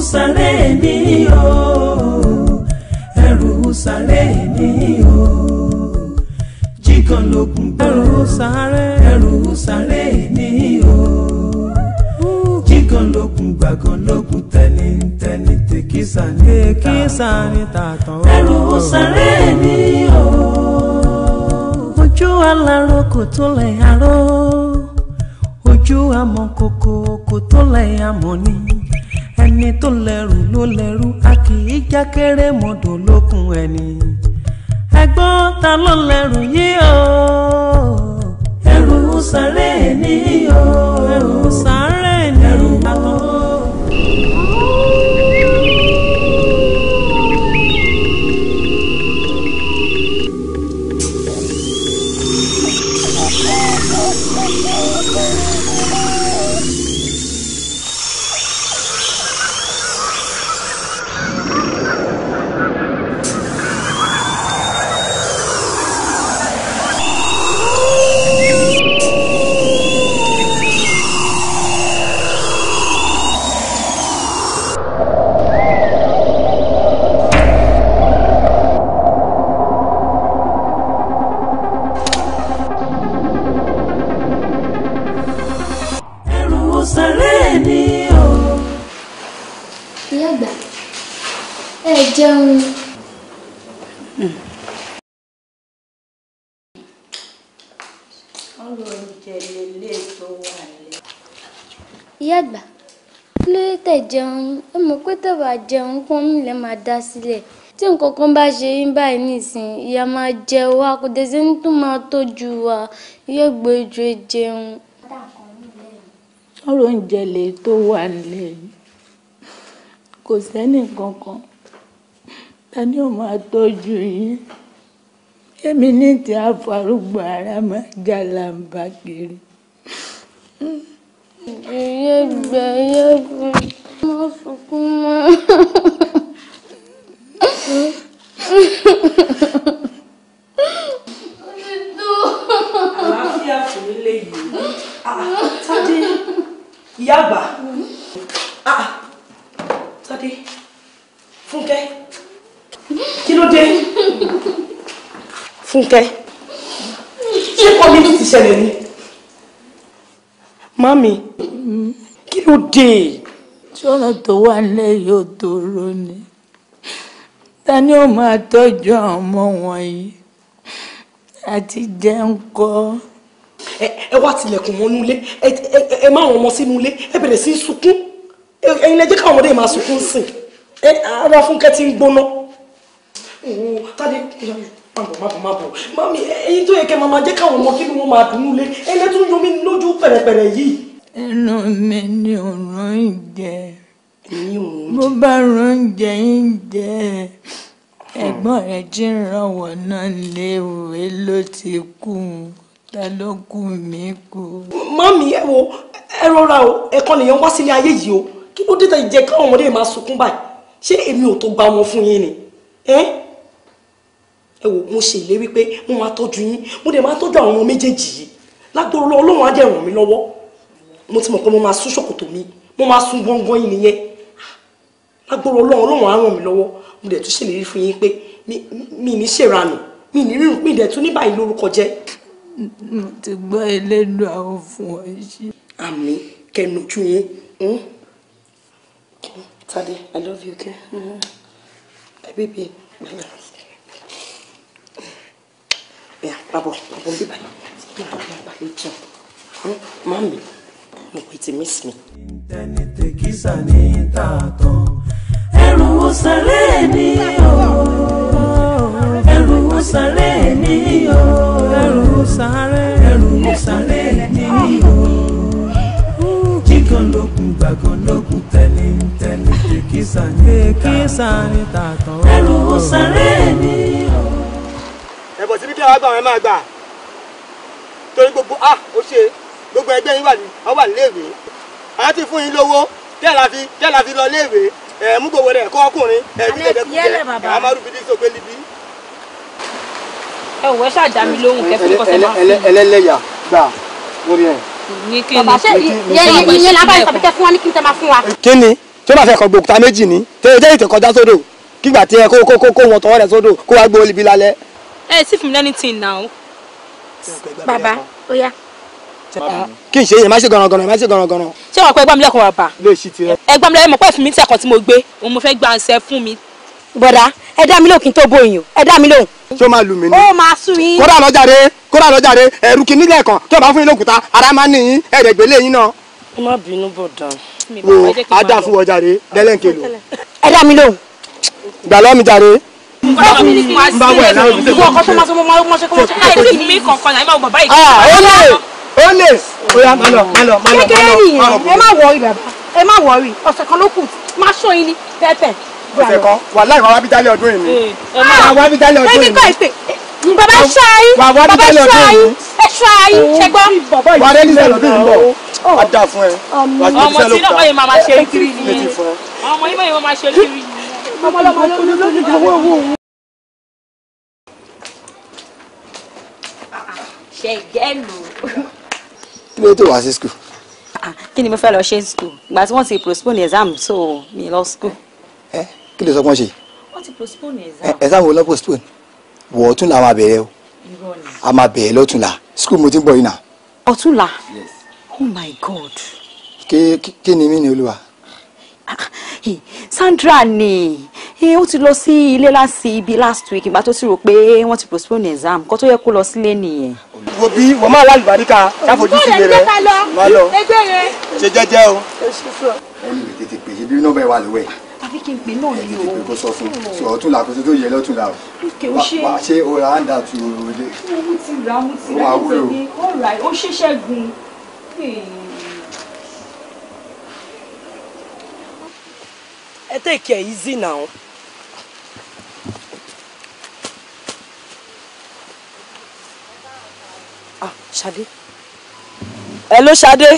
sáré mi o ẹrù sáré mi o jíkan lókun ẹrù sáré ẹrù sáré mi o jíkan lókun gbàgán lókun tẹni tẹni tèkísà ní tèkísà ní tàtàn o ẹrù sáré mi o ojú alárò kò tó lè aró ojú amọ̀kòkò kò tó lè amọ̀ ni ẹni tó lẹ́rù ló lẹ́rù a kì í jákèrè mọ́dọ̀ lókun ẹni ẹgbọ́n ta ló lẹ́rù yìí o ẹrù sàárẹ̀ ni o ẹrù sàárẹ̀ ni o. máa dá sílẹ̀ tí nǹkan kan bá ṣe yín báyìí nìsín ìyá máa jẹ wá kò dé sẹ́ni tó máa tọ́jú wa yóò gbé ju jẹun. ọ̀rọ̀ oúnjẹ lè tó wà nílẹ̀ yìí kò sẹ́ni kankan ta ni ó máa tọ́jú yín èmi ní ti àfarúgbó ara máa jàlàǹbá kiri. ìyá ìgbà yẹ sunkún mọ́. àlàáfíà fún mi léyìí tádé ìyá àgbà tádé fúnkẹ́ kí ló dé fúnkẹ́ ṣé kọ́ mi ti ṣẹlẹ̀ ni. mami kí ló dé. tí ọ̀rọ̀ tó wà nílẹ̀ yóò tó ronú ta ni ó máa tọ́jú ọmọ wọ̀nyí àti jẹun kọ́. ẹ wá tilẹ̀kùn mọ́nú ilé ẹ má àwọn ọmọ sínú ilé ẹ bẹ̀rẹ̀ sí sunkún ẹ̀yin lẹ jẹ́ káwọn ọmọdé máa sunkún sìn ẹ ara fúnkẹ́ ti ń gbóná. òwò tade mabọ mabọ mami ẹ̀yin tó yẹ kẹ́ máa jẹ́ káwọn ọmọ kí ni wọ́n máa dùnú ilé ẹ lẹ́tún yomi lójú pẹ̀rẹ̀pẹ̀rẹ̀ yìí. ẹnu mi ni òórùn ìjẹ bó bá rún oúnjẹ yín jẹ ẹ̀gbọ́n rẹ̀ jí ń rànwọ́ náà léèwé ló ti kú ta ló kù mí kú. mọ́mí ẹ wo ẹ rọra o ẹ̀kọ́ nìyẹn wá sílé ayé yìí o kí ló dé tẹ̀ káwọn ọmọdé máa sunkún báyìí ṣé èmi ò tó gba wọn fún yín ni ẹ wò mo ṣe ìlérí pé mo máa tọ́jú yín mo dẹ̀ máa tọ́jú àwọn ọmọ méjèèjì yìí lágbóró Ọlọ́run á dẹ̀ ràn mí lọ́wọ́ mo ti mọ̀ pé mo máa sún ṣòkòtò mi mo máa sún gbọ̀ngàn yìí nìyẹn agbóró ọlọ́run ọlọ́run á ràn mí lọ́wọ́ mo dẹ̀ tún ṣèlérí fún yín pé mi ní ṣèrànù mi ní rírun mi dẹ̀ tún ní báyìí lórúkọ jẹ́. mo ti gbọ́ ẹlẹ́nu àwọn fún ọ ṣe. àmì kẹnujú yín hmm? Tade, I love you, okay? Mm-hmm. Baby, baby. Yeah, babo, babo, baby. Mami, you will miss me sàlẹ̀ ni o ẹrù sàlẹ̀ ni o ẹrù sàlẹ̀ ẹrù sàlẹ̀ ni o jígan lókun gbàgán lókun tẹ̀lé tẹ̀lé kìkìsà ní tààtàn ẹrù sàlẹ̀ ni o. ẹ̀bọ̀ síbi tí àwọn àgbà wọn máa gbà torí gbogbo a ah, ó ṣe gbogbo ẹgbẹ́ yín wà ní ọwà léèwé àwọn ti fún yín lówó tẹ́ẹ̀ la fi tẹ́ẹ̀ la fi lọ léèwé ẹ mú gbogbo rẹ kọ ọkùnrin ẹ bí tẹjẹ kúkẹ amadu bíbí tó gbé libi. ẹ wọ ẹ ṣàjà mi lóhùn kẹfí kọsẹ máa fi. ẹlẹlẹyà gbà lórí ẹ. ní kí ni bàbá ṣe yẹ ìyẹn lábàá ìtàbí tẹ fún wa ní kí n tẹ máa fún wa. kí ni tí ó bá fẹ́ kọ gbòkúta méjì ni tẹ́lẹ̀ tẹ́ kọjá sódò kígbà tí ẹ kó kó kó wọn tọwọ́ rẹ̀ sódò kó wá gbé olùbí lálẹ́. ẹ sì fún mi lẹ́ni tí ì nà ó. bàbá ó yá kí n ṣe yẹn má ṣe gọ̀rọ̀gọ̀rọ̀ má ṣe gọ̀rọ̀gọ̀rọ̀. ṣé wọn pẹ gbàmílẹ̀kùn bàbà. lè ṣí tirẹ. ẹ gbàmílẹ̀ mọ̀ pẹ́ fún mi tí ẹ̀kọ́ tí mo gbé òun mo fẹ́ gba àǹsẹ̀ fún mi. bọ̀dá ẹ dá mi lóhùn kí n tó bóyin o ẹ dá mi lóhùn. ṣé o máa lù mí ni. ó máa sún yín. kódà lọ́jàre kódà lọ́jàre ẹ̀rù kìíní lẹ́ẹ̀kan tó bá fún yín lókùúta ara máa ń níyìn ẹ̀rẹ̀gbẹ́lẹ̀ yín náà. ẹ má bínú bọ̀dá. wo a dá fún ọjàre dẹ́lẹ́ǹkẹ́ lò. ẹ dá mi lóhùn. gbà lọ́mi jàre báwo ẹ̀ láwọn ibi tẹ́ kọ́ ọ́ kọ́ tó máa sọ mọ́ máa mọ́ ṣe kọ́ mọ́ ṣe láì sí mi kankan náà ẹ máa gbọ́ always oya má lọ má lọ má lọ. kékeré nìyẹn ẹ má wọrí bàbá ẹ má wọrí ọ̀sẹ̀ kan ló kù má ṣó yín ní pẹ́pẹ́. ọ̀sẹ̀ kan wà láì wàá bíjálẹ̀ ọdún yìí ni eh, wàá wàá bíjálẹ̀ ọdún yìí ni eh, bàbá ṣááyí bàbá ṣááyí ẹ ṣááyí ṣẹgbọ́n. wà á rẹ́ni sẹ́lọ̀ bíi nbọ̀ wà á dà fún ẹ. ọmọ tí náà báyìí máa ṣe kiri ni ọmọ yìí báyìí máa ṣe kiri ni. ọmọ ọlọmọ ló ń lò ṣẹ̀gẹ́ lò kí ló tó wá sí school. Ah, kí ni mo fẹ́ lọ ṣe school ìgbà tí wọ́n ti postpone exam so mi lọ school. ẹ kí ló sọ pọ́n ṣe. wọ́n ti postpone exam. exam wo lọ postpone wọ̀ ọ̀tún la máa bẹ̀rẹ̀ o a máa bẹ̀rẹ̀ lọ́tún la school mo ti ń bọ̀ yìí nà. ọ̀tún la oh my god. kí ni mí ni olúwa. Ah, Sandra ni ó ti lọ sí ilé láti ibi last week ìgbà tó ti rò pé wọ́n ti postpone exam kó tó yẹ kó lọ sílé nìyẹn wo bí wọ́n máa lálùbáríkà káfojú sí ilé rẹ̀ má lọ ṣe jẹ́jẹ́ o. ẹni lè tètè pè é bí nọ́mbà ẹ wà lọ́wọ́ ẹ. àfi kí n pè náà ni o. kò sọ fún sọ ọtún là kó tó yẹ lọ́tún là o. wà á ṣe ora á ń dà tu olóde. mo ti ra mo ti ra mo ti ní ọ̀rá ó ṣẹ̀ṣẹ̀ gun. ẹ tẹ̀ kẹ̀ easy now. ah Ṣadé. hello Ṣadé.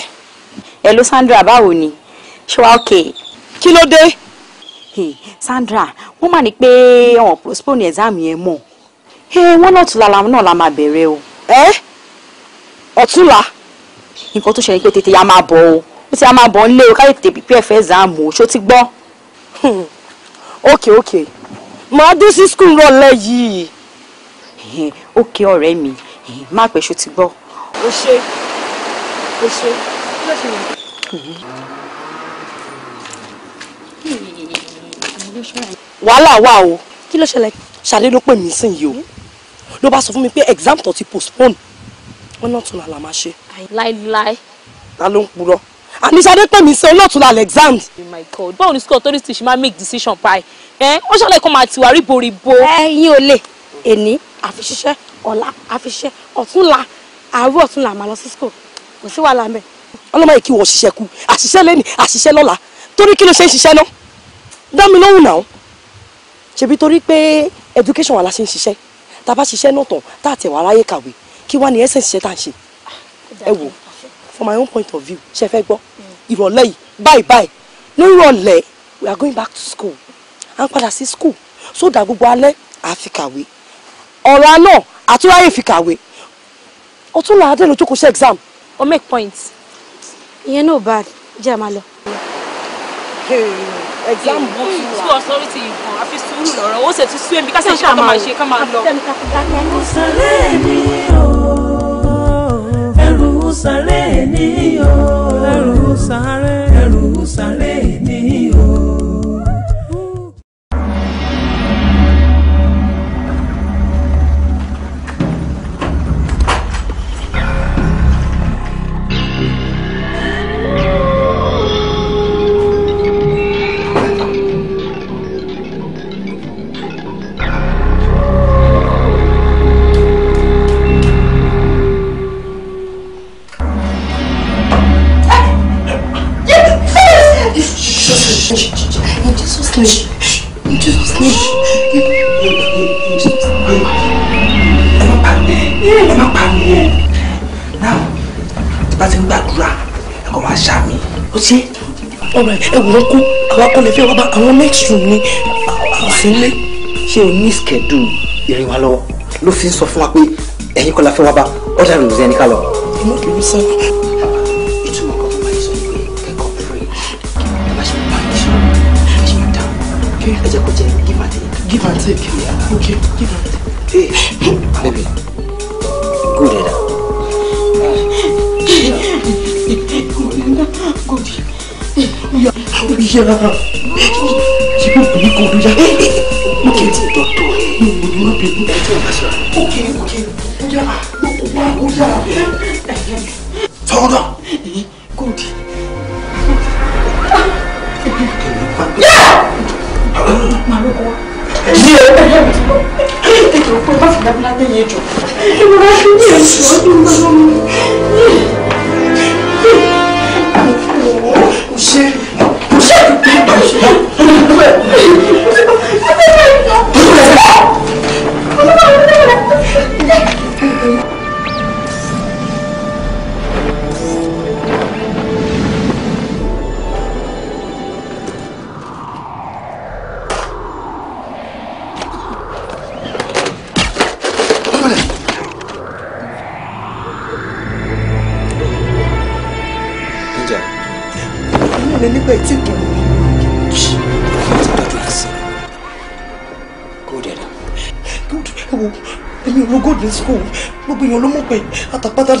hello Sandra báwo ni ṣé wàá okay. kí ló dé. Sandra wọ́n mà ní pé wọ́n postpone exam yẹn mọ́ wọ́n lọ́tùnla làwọn náà la máa bẹ̀rẹ̀ o. ẹ ọ̀túnla. nǹkan tó ṣẹlẹ̀ pé tètè ya máa bọ̀ o ó ti ya máa bọ̀ ń lé o káyọ̀ tètè pípẹ́ ẹ̀fẹ́ exam o ṣó ti gbọ́. okay okay màá dé sí school rọ̀lẹ́ yìí. okay ọ̀rẹ́ mi má pèsè ti gbọ́. o ṣe o ṣe kí ló ṣe yẹ. wàhálà wà o kí ló ṣẹlẹ̀ ṣàlẹ́ ló pè mí sìn yìí o ló bá sọ fún mi pé exam tó ti postpone wọn náà tún làlà máa ṣe. láíláí. ta ló ń purọ́ àníṣadé pè mí sí olóòtú lálẹ́ exam. báwo ni school authority ṣe máa make decision pa ẹ ẹ wọ́n ṣàlàyé kó máa tiwa ríboríbo. ẹyin ò lè èní àfi ṣiṣẹ́ ọ̀la àfiṣẹ́ ọ̀túnla àárọ̀ ọ̀túnla àmà lọ sí school kò sí wàhálà mẹ́. ọlọ́mọ yìí kí wọ́n ṣiṣẹ́ kú àṣìṣe lẹ́nu àṣìṣe lọ́la torí kí ló ṣe ń ṣiṣẹ́ náà dá mi lóhùn náà ṣebí torí pé education wa la ṣe ń ṣiṣẹ́ tá a bá ṣiṣẹ́ náà tán tá a tẹ̀ wá ráyè kàwé kí wá ní ẹsẹ̀ ṣiṣẹ́ tá a ṣe ẹ wò from my own point of view ṣe fẹ́ gbọ́ ìrọ̀lẹ́ yìí báyìí báyìí nírọ̀lẹ́ we are going back to school à ń padà sí school so that gbogbo alẹ́ àá fi kàwé ọ̀rọ̀ àná àtúráyè fi kàwé ọtún làádé lójú kò ṣe exam. o make point ìyẹn náà bad jẹ́ àmà lọ. exam book yìí wà. two authority yìí kan àfi sùúrù lọ́rọ̀ ó sì tún sú èmi kásẹ̀ ṣe ká máa ṣe ká máa lọ. ẹrù sàlẹ̀ ni o ẹrù sàlẹ̀ ni o ẹrù sàlẹ̀ ẹrù sàlẹ̀. touch. In Jesus' name. Ẹ má pa mí. Now, tí bá ti ń gbàdúrà, ẹ kàn máa ṣàmì. Ó ṣe ọ̀rọ̀ ẹ wò ó kú. Àwa kọ́ lè fẹ́ wá bá àwọn next room ni. Àṣìlẹ̀ ṣé o ní schedule ìrìn wa lọ́wọ́ ló fi ń sọ fún wa pé ẹ̀yin kọ́ la fẹ́ wá bá ọ̀dà rẹ̀ ló ń ká lọ. Ẹ má sọ. okay ẹ jẹ́ kó jẹ́ give and take give and take yeah. okay give and take. hey baby good dada. good ya ya jibi bi ko ya okay doctor mo ní wọn bí ẹjọ́ ìbáṣọ okay okay ó yà ó wà ó yà. ṣé ìpínlẹ̀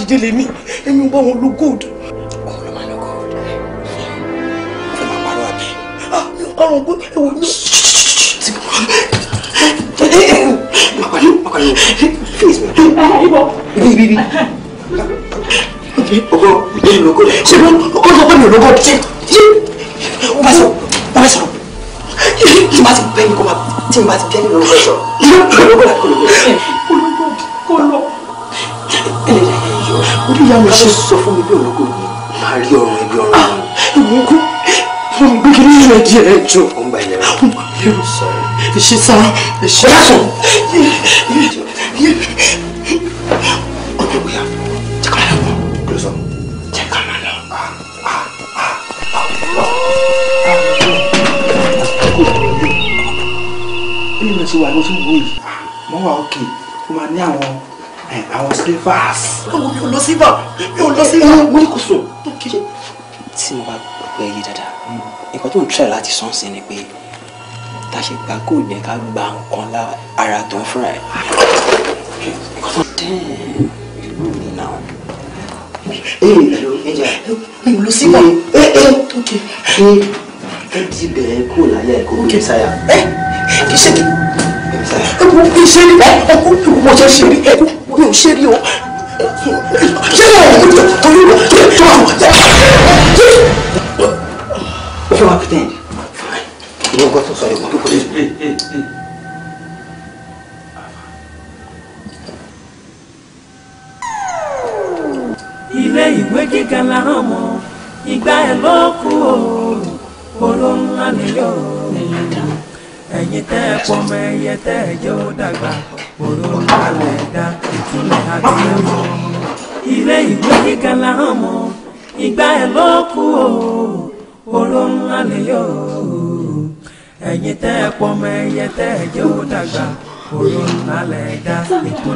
jíjẹ lè ní èmi ò bá wọn lo gold. òun ló máa lo gold. ó máa parọ́ àbí. Ah, mi ò parọ́ pé èwo ni. ti bọ̀ pàpàlú pàpàlú fíìs mi. ibò ibi ibi. ọkọ mi ò gold. ṣé o sọ pé mi ò lo gold. ṣé o bá sọ o bá sọ̀rọ̀ tí n bá ti bẹ́ẹ̀ ni kò máa tí n bá ti bẹ́ẹ̀ ni kò máa sọ̀rọ̀. mo ṣe sọ fún mi pé ológo yìí máa rí ọrùn ẹbí ọrùn mi. èmi kú mo gbé kí nínú ẹdí ẹ jọ. ó ń bá yẹn rẹ ó ń bá yẹn rẹ sọ̀rọ̀. èsì sá èsì sá. ọ̀dọ́gbìyà jẹ́ ká máa lọ. kí ló sọ. jẹ́ ká máa lọ. bí mo ti wà ló tún wò yìí mo wà òkè mo máa ní àwọn àwọn slippers. olùkọ́ mi ò lọ sí bọ̀ lọ sí ìlú mo ní kò sùn. tí mo bá gbọ́ ẹyẹ dáadáa nǹkan tó ń tẹ̀ láti sàn sí ni pé tá a ṣe gbà kó jẹ́ ká gba nǹkan lá ara tó ń fúnra ẹ̀. mo lọ sí ìlú ṣé ẹ ti bẹ̀rẹ̀ kó láyà ṣe kí n mo ṣe rí ọkọ mi ò ṣe rí o ṣé ìyàwó mi tó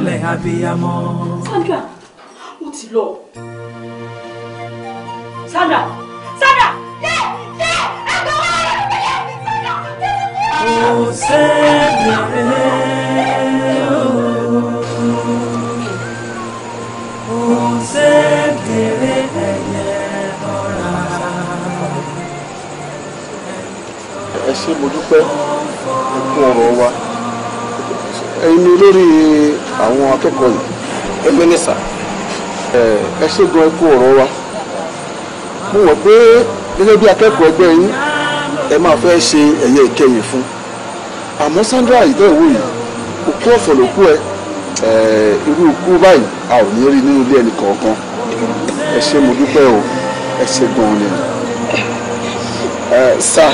ìmọ́lẹ̀ abiyamọ. Sandra ó ti lọ. Sandra Sandra yẹ yẹ ẹgbẹ́ wa ẹgbẹ́ yẹ Sandra. Kò sẹ́gbẹ̀rẹ́ o kò sẹ́gbẹ̀rẹ́ Ẹ ṣé mo dúpẹ́ ẹ kú ọ̀rọ̀ wa ẹ̀yin olórí àwọn akẹ́kọ̀ọ́ yìí ẹgbẹ́ nìsà ẹ ṣe gan ẹkú ọ̀rọ̀ wa mo wọ̀ pé gẹ́gẹ́ bí akẹ́kọ̀ọ́ ẹgbẹ́ yín ẹ máa fẹ́ ṣe ẹ̀yẹ ìkẹyìn fún àmọ́ Sandra ìtọ́ ìwò yìí òkú ọ̀fọ̀ ló kú ẹ irú ikú báyìí a ò ní rí nínú ilé ẹnì kọ̀ọ̀kan ẹ ṣe mo dúpẹ́ o ẹ ṣe gan ni sá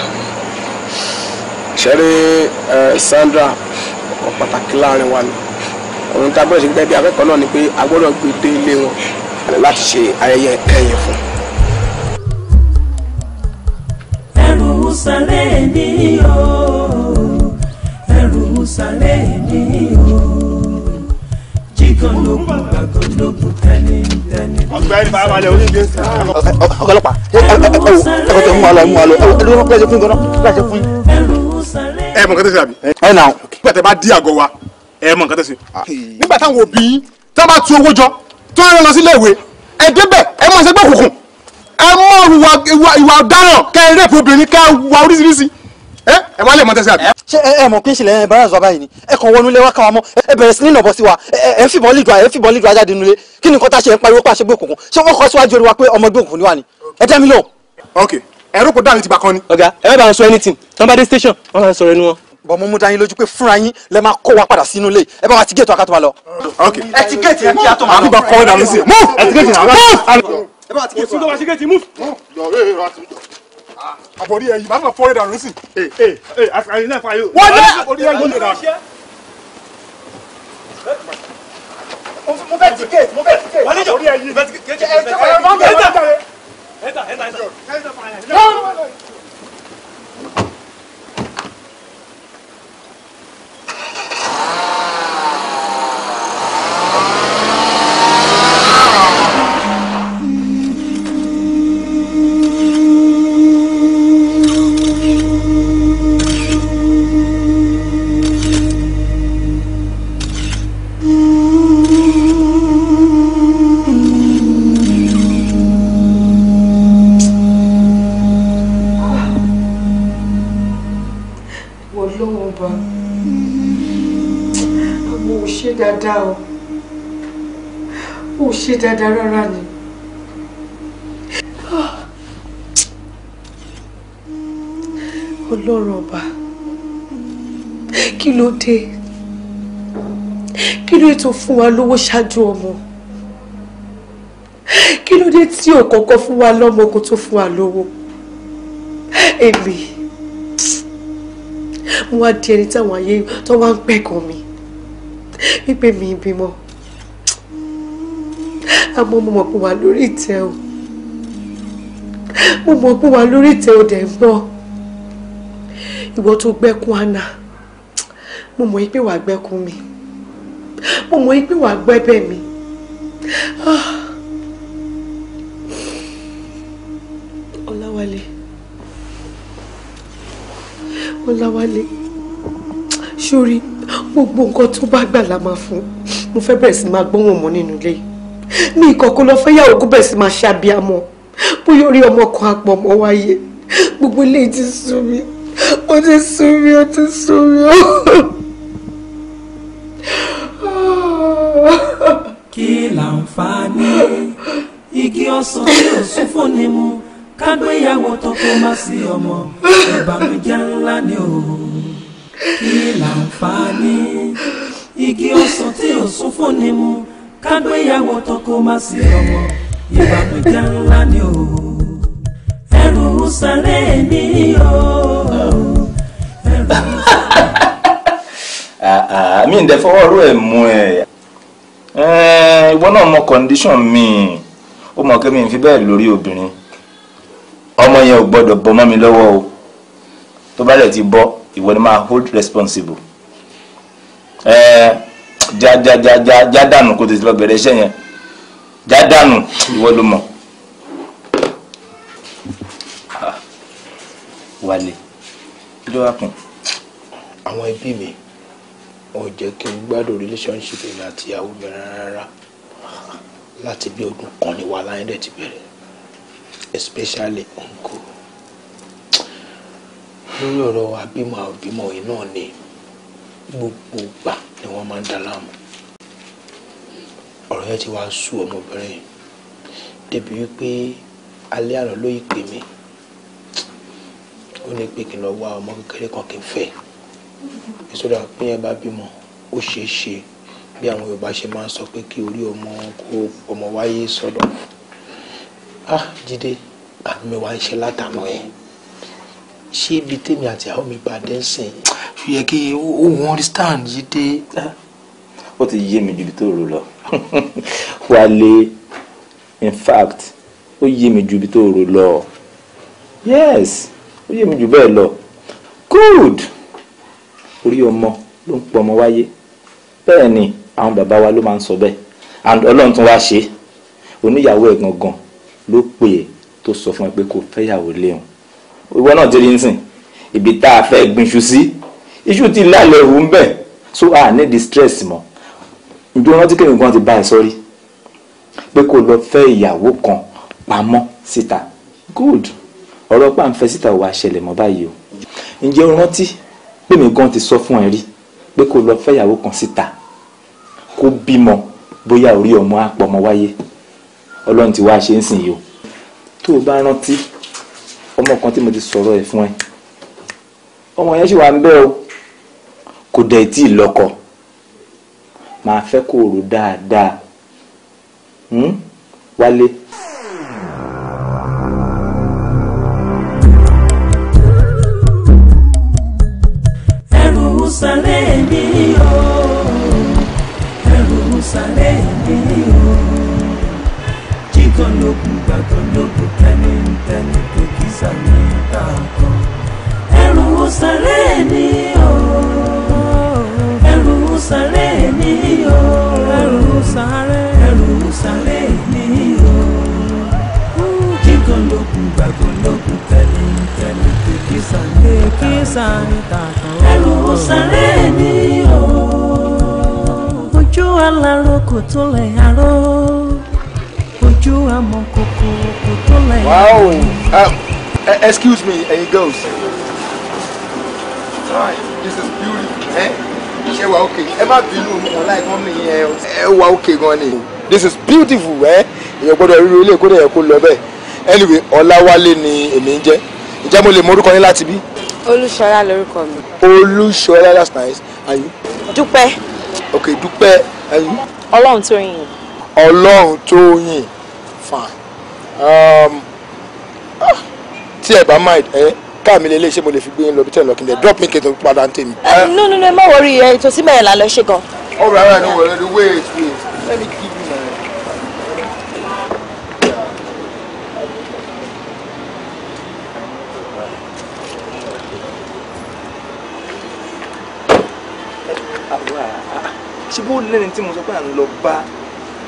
ṣẹ́rí Sandra ọ̀pọ̀ pàtàkì láàrin wa ni ohun tá a gbọ́dọ̀ ṣe gẹ́gẹ́ bí akẹ́kọ̀ọ́ náà ni pé a gbọ́dọ̀ gbé dé ilé wọn láti ṣe ayẹyẹ ẹ̀yìn fún. ẹrù sálẹ̀ mi o ẹrù sálẹ̀ mi o jíkan ló kún bàkan ló kún tẹ́ni tẹ́ni. ọgbẹ́ni bá wà lẹ onídé. ọgọlọpàá ẹ ẹ ẹ ẹ ẹ ẹ mú wa lọ ẹ mú wa lọ ẹ ló ń pẹ́ ṣe fún yín gan-an pẹ́ ṣe fún yín. ẹ mọ̀ kẹ́tẹ́ sí àbí. ẹ nà. pẹ̀tẹ̀ bá dí àgọ́ wa ẹ mọ nǹkan tẹ̀sí. nígbà táwọn òbí yín tí wọ́n bá tu owó jọ tí wọ́n rán lọ sílé ìwé ẹ débẹ̀ ẹ mọ̀ ṣẹgbẹ́ òkùnkùn ẹ mọ̀ ìwà ọ̀daràn kẹ́ ẹ rẹ́pù obìnrin kẹ́ ẹ wà oríṣiríṣi ẹ wá lè mọ tẹsí àbí. ṣé ẹ mọ pé ìṣẹ̀lẹ̀ ẹ bára zọ báyìí ni ẹ kàn wọnú ilé wá káwa mọ ẹ bẹ̀rẹ̀ sí ní ìnàbọ sí wa ẹ ń fìbọn lìdùn ẹ ń fìbọn lìdùn ajáde nulẹ kí ni nǹkan tá a ṣe ń pariwo pa àṣegbè òkùnkùn ṣé wọn kọ síwájú orí wa pé ọmọ ẹgbẹ́ òkùnkùn ni wà ni ẹ dá mi lọ. ok ẹrú kò dáhùn ti bá kan ni. ọ̀gá ẹ bá ń sọ anything tí wọ́n bá dé station wọ́n máa ń sọ̀rọ̀ ẹnu wọn bọ̀ mo mú dání lójú pé fúnra yín lẹ máa kó wa padà sínú ilé ẹ bá wa ti géètì wa ká tó ma lọ. ẹ ti yẹn kí a tó ma lọ. àbíbá kọ́ ọ̀dà mi sí mú ẹ ti géètì náà mú. ẹ bá wa ti géètì wa. òsì tó bá ti géètì mú. àbọ̀dí ẹ̀yìn bá fà fọ́ ọ̀dà mi sí. àyìn náà fà yóò. wọ́n dẹ́. mo fẹ́ ti géètì mo fẹ́ ti géètì. wọ́n ní jọ ẹ jẹ́ ẹ jẹ́ ẹ dáadáa o ò ṣe dáadáa rárá ni. ọlọ́run ọba kí ló dé kí ló dé tó fún wa lówó ṣáájú ọmọ kí ló dé tí ò kọ́kọ́ fún wa lọ́mọ kó tó fún wa lówó èmi mo wá di ẹni táwọn ayé tó wá ń pẹ̀kàn mi wípé mi bímọ àmọ́ mo mọ̀ pé wà lórí ìtẹ́ o mo mọ̀ pé wà lórí ìtẹ́ o dẹ̀ ń gbọ́ ìwọ tó gbẹ́kún àná mo mọ̀ pé wà gbẹ́kún mi mo mọ̀ pé wà gbẹ́bẹ̀ mi. Ah. Ọláwálé Ọláwálé sórí gbogbo nǹkan tó bá gbà la máa fún mo fẹ́ bẹ̀rẹ̀ sí máa gbọ́wọ̀n mọ́ nínú ilé mi ìkọ̀kọ̀ lọ fẹ́ yàwó kó bẹ̀rẹ̀ sí máa ṣàbíamọ́ bóyá orí ọmọ kan àpọ̀ ọmọ wáyé gbogbo ilé ti sú mi ó ti sú mi ó ti sú mi kí láǹfààní igi ọsàn tí ò sún fún ni mu kágbéyàwó tó kó má sí ọmọ ìbànújẹ́ ńlá ni o kí láǹfààní igi ọsàn tí ò sún fúnni mu kágbéyàwó tán kó má sí ọmọ ìbànújẹ́ ńlá ni o ẹrù sáré ní o ẹrù. Ah, ah, mi ǹdẹ fọwọ́ rú ẹ̀ mú ẹ̀ eh, ìwọ náà mọ condition mi ó mọ̀ kí mi fi bẹ́ẹ̀ lórí obìnrin ọmọ yẹn ò gbọ́dọ̀ bọ́ mọ́ mi lọ́wọ́ o tó bá lẹ̀ ti bọ́ ìwọ ni máa hold responsible jádànù kò tètè lọ bẹ̀rẹ̀ iṣẹ́ yẹn jádànù ìwọ ló mọ̀ ah, wálé kí ló wá kùn. àwọn ẹbí mi ò jẹ́ kí n gbádùn relationship mi àti ìyàwó mi rárá láti bí ọdún kan ni wàhálà yẹn dẹ̀ ti bẹ̀rẹ̀ especially uncle lórí ọ̀rọ̀ àbímọ àbímọ yìí náà ni gbogbo gbà ni wọ́n máa ń dá láàmú ọ̀rọ̀ yẹn ti wá sú ọmọbìnrin débi wípé alẹ́ àná ló yí pè mí ó ní pé kí n lọ wá ọmọ kékeré kan kí n fẹ́ ìṣòro àpéyàn bá bímọ ó ṣeé ṣe bí àwọn Yorùbá ṣe máa ń sọ pé kí orí ọmọ kó ọmọ wáyé sọ́dọ̀ ah Jídé àmì wa ń ṣe látànà ẹ̀ ṣé ibi tèmi àti àwọn mi bá dẹ́ sìn ṣe yẹ kí ó wọ́n stand yìí dé. Ah, ó ti yé mi ju ibi tó rò lọ wálé in fact ó yé mi ju ibi tó rò lọ yes ó yé mi jù bẹ́ẹ̀ lọ good orí ọmọ ló ń pọ ọmọ wáyé bẹ́ẹ̀ ni àwọn bàbá wa ló máa ń sọ bẹ́ẹ̀ and ọlọ́run tún wá ṣe oníyàwó ẹ̀ gangan ló pè é tó sọ fún ẹ pé kò fẹ́yàwó léhùn ìwọ náà ti rí ń sìn ibi tá a fẹ́ gbìnṣu sí iṣu ti lálẹ́ òun ń bẹ̀ so a ní di stress mọ́ ìjọ rántí kéwìn kan ti bá ẹ sọ́rí pé kó lọ fẹ́ ìyàwó kan pamọ́ síta good ọ̀rọ̀ pà ń fẹ́ síta wà ṣẹlẹ̀ mọ́ báyìí o ǹjẹ́ o rántí pé mi gan ti sọ fún ẹ rí pé kó lọ fẹ́ ìyàwó kan síta kó bímọ bóyá orí ọmọ àpọ̀mọ wáyé ọlọ́run ti wá ṣe ń sìn yìí o tó o bá rántí ọmọ kan tí mo ti sọ̀rọ̀ ẹ̀ fún ẹ ọmọ yẹn sì wà ń bẹ́ o kò dẹ̀ tí ì lọ́kọ màá fẹ́ kó o rò dáadáa hmm? wálé. ẹrù mi o ẹrù mi o jíkan lókun ọjọ́ tó lókun tẹ́ni tẹ́ni tó kì í sáré ta kan. ẹ̀rù ń sáré ni o ẹ̀rù ń sáré ni o ẹ̀rù ń sáré ẹ̀rù ń sáré ojú alárò tó lè aró wow um, e, excuse me ẹ̀yin eh, girls this is beautiful eh? wà òkè ẹ má bínú ọmọ láìpọ́n mi yẹn ẹ wà òkè this is beautiful eh? You go ríro ilé ìkórè yẹn kó lọ bẹ́ẹ̀ anyway ọláwálé ni èmi ń jẹ́ ǹjẹ́ mo lè mọ orúkọ yín láti bí. olúṣọlá lórúkọ mi. olúṣọlá that's nice and you. dúpẹ́. ok dúpẹ́ and you. ọlọ́run tó yìn. ọlọ́run tó yìn fine um, ah, tí ẹ bá máa ẹ káàmì lè lè ṣe mo lè fi gbé yín lọ bí tẹ̀ lọ́kìn lẹ̀ drop me kí n tó padà ń tèmi. Eh, eh? no no no ẹ má wọrí ẹ ètò sí mẹ́rin là lọ ṣe gan. all right all right no worry no wait wait let me give you my. ṣé bó lẹ́ni tí mo sọ pé à ń lọ bá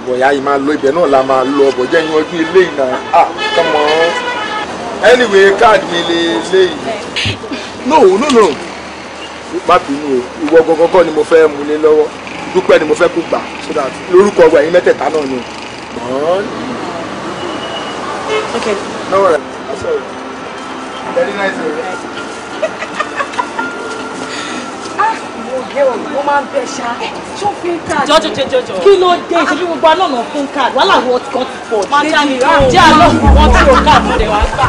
bọ̀yá yìí máa lọ ibẹ̀ náà la máa lọ bọ̀ jẹ́ ìyẹn ọdún ilé ìnà à kọ́mọ anyway káàdì mi lè lé yìí no no no má bínú o ìwọ gọgọgọ ni mo fẹ́ mú lé lọ́wọ́ dúpẹ́ ni mo fẹ́ kó gbà so that lórúkọ ọgbà yín mẹ́tẹ̀ẹ̀ta náà ni o. okay. no worry. Right. Very nice. Very nice. mo máa ń bẹ ṣá tó fi ń káàdì jọjọ jọjọ jọ kí ló dé ah. ṣe bí gbogbo aná náà fún káàdì wàhálà wọn kan ti pọ̀ ṣéjì rà ó jẹ́ àlọ́ wọn tí ò káàdì rẹ̀ wá gbà.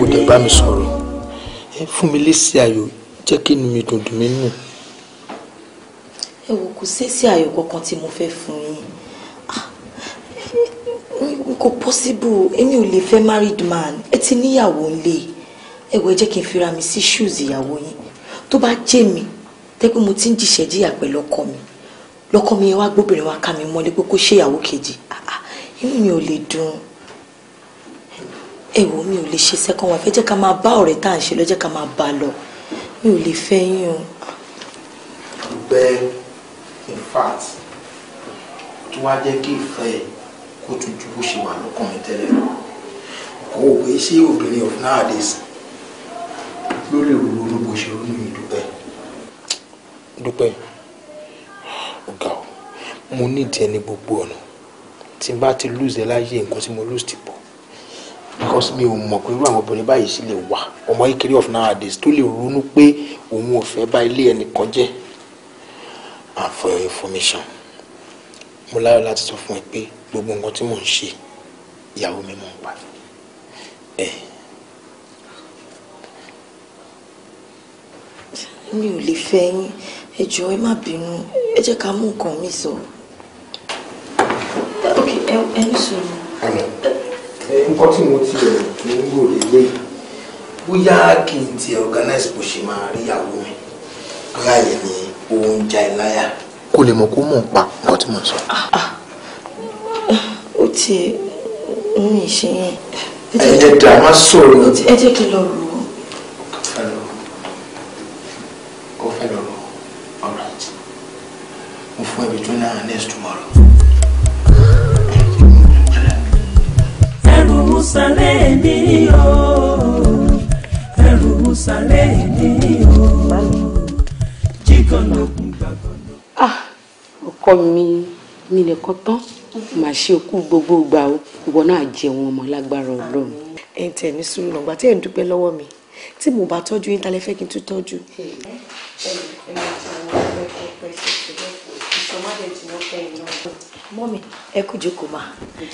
kò ní bá mi sọ̀rọ̀ ẹ fún mi lésì ayọ̀ jẹ́ kí inú mi dùn dùn mí nù. ẹ wò kò sí èsì kankan tí mo fẹ́ fún yín kò possible èmi ò lè fẹ́ married man ẹ ti níyàwó ńlé ẹ̀wọ̀ ẹ jẹ́ kí n fira mi sí shoes ìyàwó yín tó bá jẹ́ mi tẹ́pẹ́ mo ti ń jìṣẹ́ jìyà pẹ̀lú ọkọ mi lọ́kọ mi yẹn wá gbóbìnrin wa ká mi mọ́lé pé kó ṣe ìyàwó kejì inú mi ò lè dùn ẹ̀wò mi ò lè ṣe second wife ẹ jẹ́ ká máa bá ọ̀rẹ́ tá à ń ṣe lọ́jẹ́ ká máa bá a lọ mi ò lè fẹ́ yín o. bẹ́ẹ̀ in fact tó wá jẹ́ kí ìfẹ́ ẹ̀ ó tún ju bó ṣe wà lọ́kùnrin tẹ́lẹ̀ kò wò pé ṣé obìnrin of nowadays ló lè ronú ní bó ṣe ronú ìdúpẹ́. dúpẹ́ ọ̀gá o mo nídìí ẹni gbogbo ọ̀nà tí n bá ti lose ẹ láyé nǹkan tí mo lose ti pọ̀ because mi ò mọ̀ pé irú àwọn obìnrin báyìí sì lè wà ọmọ kékeré of nowadays tó lè ronú pé òun ò fẹ́ bá ilé ẹnìkan jẹ́ and for your information mo láyọ̀ láti sọ fún ẹ pé gbogbo nǹkan tí mò ń ṣe ìyàwó mi mọ̀ ń pa ẹ. mi ò lè fẹ́ yín ẹ jọ̀ọ́ ẹ má bínú ẹ jẹ́ ká mú nǹkan mi sọ. ẹ ń sọ̀rọ̀. nǹkan tí mo ti rẹ̀ ní wò lélẹ̀ bóyá kí n ti organize bó ṣe máa rí ìyàwó mi bóyá yẹn ni oúnjẹ ìláyà kó lè mọ̀ kó mọ̀ pa nǹkan tí mo sọ. Ah, ah tiẹ̀ mi ì ṣe yẹn. ẹ jẹ́ dá má sọ̀rọ̀. ẹ jẹ́ kí lọ rò ó. ó fẹ́ lọ rò ó mo fún ẹ between now and next tomorrow. ẹrù musalẹ̀ ni o ẹrù musalẹ̀ ni o jíkọ̀nà òkun gbàgbọ́n. ah ọkọ mi mi nìkan tán màá ṣe okú gbogbo gbà ó ìwọ náà jẹ wọn ọmọ lágbára Ọlọ́run. ẹ ń tẹ̀ ní sùúrù lọ́gbà tí ẹ̀ ń dúpẹ́ lọ́wọ́ mi tí mo bá tọ́jú yín talẹ́ fẹ́ kí n tún tọ́jú. mọ́mí ẹ kú jókòó ma.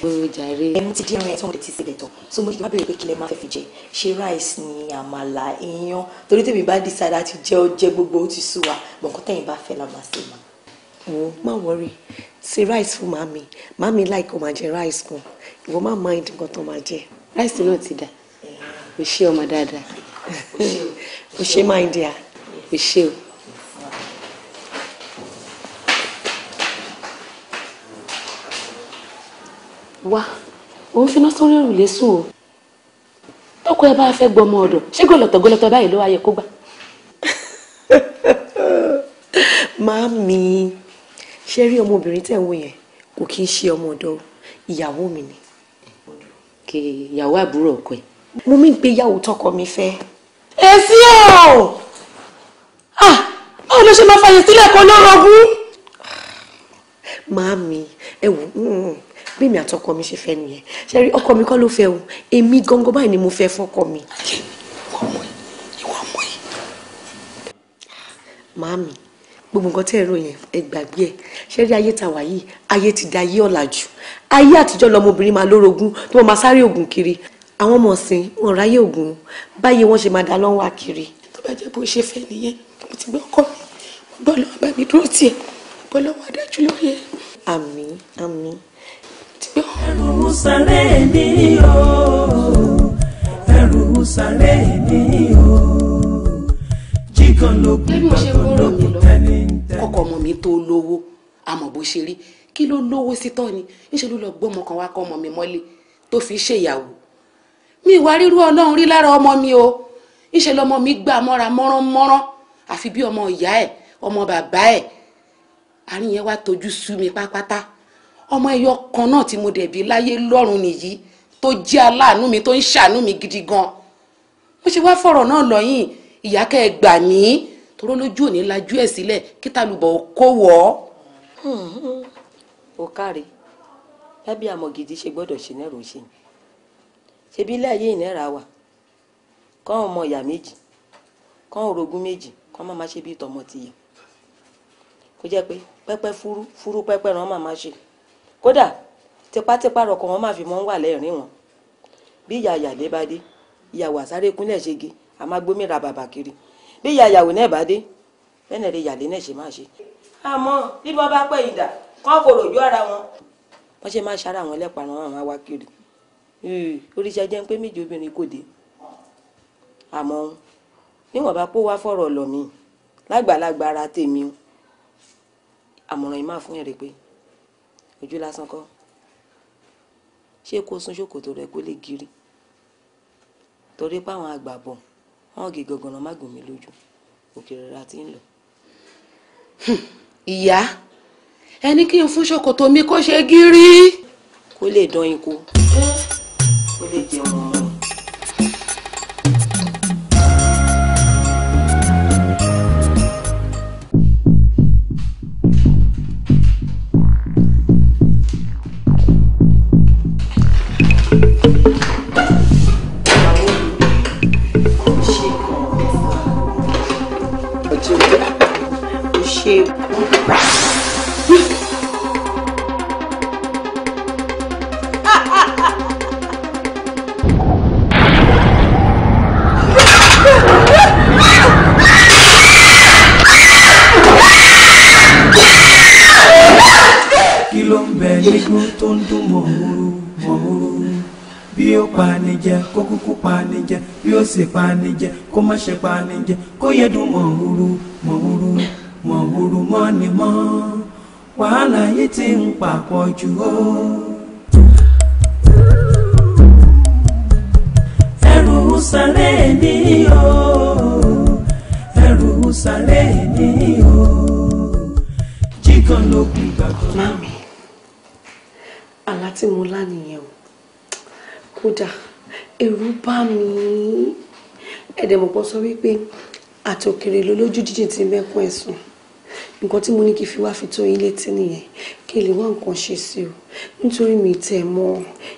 gbogbo jàre. ẹni tí díẹ̀ rẹ̀ tán lè ti sílẹ̀ tán so mo ti bá béèrè pé kí lẹ máa fẹ́ fi jẹ ṣé rice ni àmàlà iyán torí tèmi bá dísàdá ti jẹ́ ó jẹ́ gbogbo ó ti sú wa bọ̀ǹkọ́ tẹ̀yìn bá fẹ́ la máa ṣe ma. wo má wọrí ṣe rice fún màmí màmí láì kó máa jẹ rice kan ìwọ má mind nǹkan tó máa jẹ. rice náà ti dà o ṣe ọmọ dáadáa o ṣe mind ya o ṣe o. wá òun fi iná sórí òrùlé sùn o tọkọ ẹ bá fẹ́ gbọmọ ọ̀dọ̀ ṣé gòlọtọ gòlọtọ báyìí ló wáyé kó gbà. màmí ṣé rí ọmọbìnrin tẹ̀ ń wò yẹn kò kí ń ṣe ọmọ ọ̀dọ̀ ìyàwó mi ni kí ìyàwó àbúrò ọkọ ẹ̀ mo mí gbéyàwó tọkọ mi fẹ́. èsì o ah! báwo ló ṣe máa fàyè sílẹ̀ kan lọ́rọ̀ ọ̀gùn. màámi ẹ wò mm, mm, mm. bí mi àtọkọ mi ṣe fẹ́ nìyẹn ṣe rí ọkọ mi kọ́ ló fẹ́ o èmi gangan báyìí ni mo fẹ́ fọ́kọ mi. ìwà ọmọ yìí ìwà ọmọ yìí. màámi gbogbo nǹkan tẹ́ ẹ̀ rò yẹn ẹ gbàgbé ẹ̀ ṣẹ́rí ayé ta wà yìí ayé ti da ayé ọ̀làjú ayé àtijọ́ lọmọbìnrin máa lórogún tó máa sáré ògùn kiri àwọn ọmọ ọ̀sìn wọn ráyè ògùn báyìí wọ́n ṣe máa da lọ́wọ́ kiri. tó bá jẹ́ bó ṣe fẹ́ nìyẹn mo ti gbọ́ ọkọ mi mo gbọ́ lọ́wọ́ bá mi dúró tiẹ̀ mo gbọ́ lọ́wọ́ adájú lórí ẹ̀. àmín àmín. ẹrù sàrẹ́ mi o ẹrù sàrẹ́ mi o kọ́kọ́ ọmọ mi tó lówó àmọ́ bó ṣe rí kí ló lówó sí tọ́ ni níṣẹ́ ló lọ gbọ́mọ kan wá kọ́ ọmọ mi mọ́lé tó fi ṣèyàwó mi wá rírú ọlọ́run rí lára ọmọ mi o níṣẹ́ lọmọ mi gbà mọ́ra mọ́rán-mọ́rán àfi bí ọmọ ìyá ẹ̀ ọmọ bàbá ẹ̀ àárín yẹn wá tojú sú mi pátápátá ọmọ ẹyọ kan náà tí mo dẹ̀bi láyé lọ́run nìyí tó jẹ́ aláàánú mi tó ń ṣàánú mi gidi gan mo ṣe wá fọ̀rọ̀ náà lọ́yìn ìyá kẹ́ ẹ gbà mí toró lójú òní lajú ẹ̀ sílẹ̀ kíta lùbọ̀ kó wọ̀ ọ́. ó káre lábí àmọ̀ gidi ṣe gbọ́dọ̀ ṣe náà ròṣe ni ṣebí ilé ayé ìnẹ́ra wà kọ́ ọmọ ìyá méjì kọ́ orogún méjì kọ́ má má ṣe bí tọmọ tìyà kó jẹ́ pé pẹ́pẹ́ fúrú fúrú pẹ́pẹ́ ràn má má ṣe kódà tipátipá rọ̀kọ̀ wọn má fi mọ́ ń wà lẹ́rìn wọn bí ìyá ìyàlẹ́ bá dé ìyàwó àsáré kúnlẹ̀ ṣege a máa gbómìnira bàbà kiri bí ìyá ìyàwó náà bá dé bẹ́ẹ̀ lè yàlé náà ṣe máa ṣe. àmọ́ bí wọ́n bá pẹ́ ìdà kán kò rò ju ara wọn. wọ́n ṣe máa ṣara àwọn ẹlẹ́pàá àwọn àwọn wa kiri oríṣẹ́ jẹ́ pé méje obìnrin kò dé àmọ́ níwọ̀n bá pọ̀ wá fọ̀rọ̀ lọ̀ mí lágbàlagbà ara tèmi o àmọ̀ràn yìí máa fún ẹ̀rẹ̀ pé ojú lásán kọ́ ṣé kó sún ṣòkòtò rẹ̀ kó lè giri torí pé àwọn àgbà bọ̀ wọn gé gọgànà má gùn mí lójú òkèèrè ra ti ń lọ. Hmm, ìyá ẹni kí n fún ṣòkòtò mi kó ṣe gírí. kó lè dán ikú kó lè jẹun. jẹ kó kúkú pa ni jẹ bí ó sì pa ni jẹ kó má ṣe pa ni jẹ kó yẹ dùn mọ̀ huru mọ̀ huru mọ̀ huru mọ́ ni mọ́ wàhálà yìí ti ń pàpọ̀ jù ó. ẹrù sàlẹ̀ ni o ẹrù sàlẹ̀ ni o jíkan ló kù gbàgbọ́. mami àlá tí mo lá nìyẹn o kódà ẹ̀rù bá mi ẹ̀dẹ̀mọ̀pọ̀ sọ wípé àtòkèrè ló lójú jíjìn ti mẹ́kún ẹ̀sùn nǹkan tí mo ní kí fi wá fi tó yín létí nìyẹn kí lè wá nǹkan ṣe sí o nítorí mi tẹ̀ mọ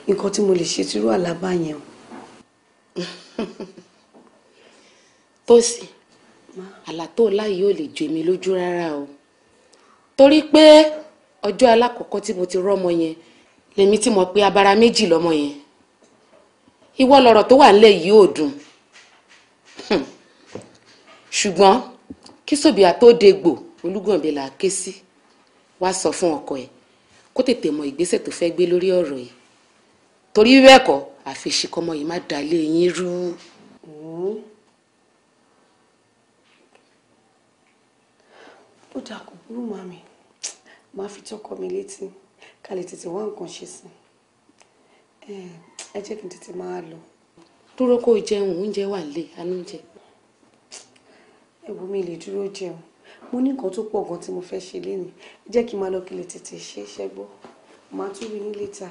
nǹkan tí mo lè ṣe tírú àlábà yẹn o. Tósì àlá láyé ò lè ju lójú rárá o torí pé ọjọ́ alákọ̀ọ́kọ́ tí mo ti rọ́mọ yẹn lèmi ti mọ̀ pé abara méjì lọ́mọ yẹn ìwọ lọ̀rọ̀ tó wà nílẹ̀ yìí ò dùn hmm. ṣùgbọ́n kí Sòbìà tó dégbò Olúgànbí là á ké sí wá sọ fún ọkọ ẹ̀ kó tètè mọ ìgbésẹ̀ tó fẹ́ gbé lórí ọ̀rọ̀ yìí torí bẹ́ẹ̀ kọ́ àfẹsìkọmọ yìí má dá ilé yín rú. ó dà kó burú màmí màá fi tọkọ mi létí ká lè tètè wá nǹkan ṣe sí i ẹ jẹ́ kí n tètè máa lọ. dúró kó o jẹun oúnjẹ wà lé anújẹ. ewu mi lè dúró jẹun mo ní nǹkan tó pọ̀ gan tí mo fẹ́ ṣe lénìí jẹ́ kí n máa lọ kí n lè tètè ṣe é ṣẹ́gbọ́ màá tún rí yín létà.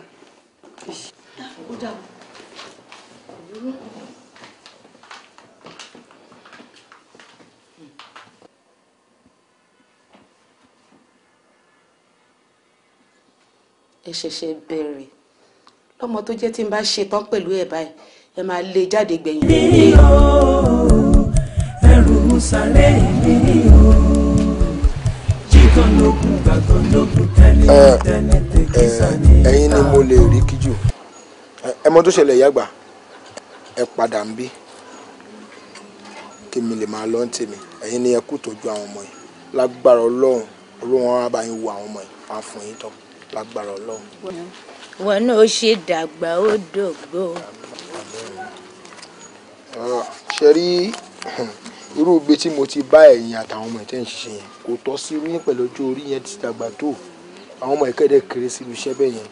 ẹ ṣẹ̀ṣẹ̀ bẹ̀rẹ̀ lọ́mọ tó jẹ́ tí n bá ṣe tán pẹ̀lú ẹ̀ báyìí ẹ máa lé jáde gbẹ̀yìn. mi ni o ẹrù musalẹ mi ni o jíkan lókun gbàgbọ́n lókun tẹ́lẹ̀ tẹ́lẹ̀ tẹ́kísà ni. ẹ̀yin ni mo lè rí kíjù ẹ mọ tó ṣẹlẹ̀ ìyá àgbà ẹ padà ń bí kí mi lè máa lọ ń tèmi ẹ̀yin ni ẹ kú tọ́jú àwọn ọmọ yìí lágbára ọlọ́run olóhùn ọ̀rọ̀ àbáyé wo àwọn ọmọ yìí máa fún yín tán lágbára ọlọ́run wọn náà ṣe dàgbà ó dògbò. Ah, ṣe rí irú ibi tí mo ti bá ẹ̀yin àtàwọn ọmọ ìtẹ́ ń ṣiṣẹ́ yẹn kò tọ́ sí irú yẹn pẹ̀lú ojú orí yẹn ti dàgbà tó àwọn ọmọ ìkẹ́dẹ̀ kéré sí iṣẹ́ bẹ́ẹ̀ yẹn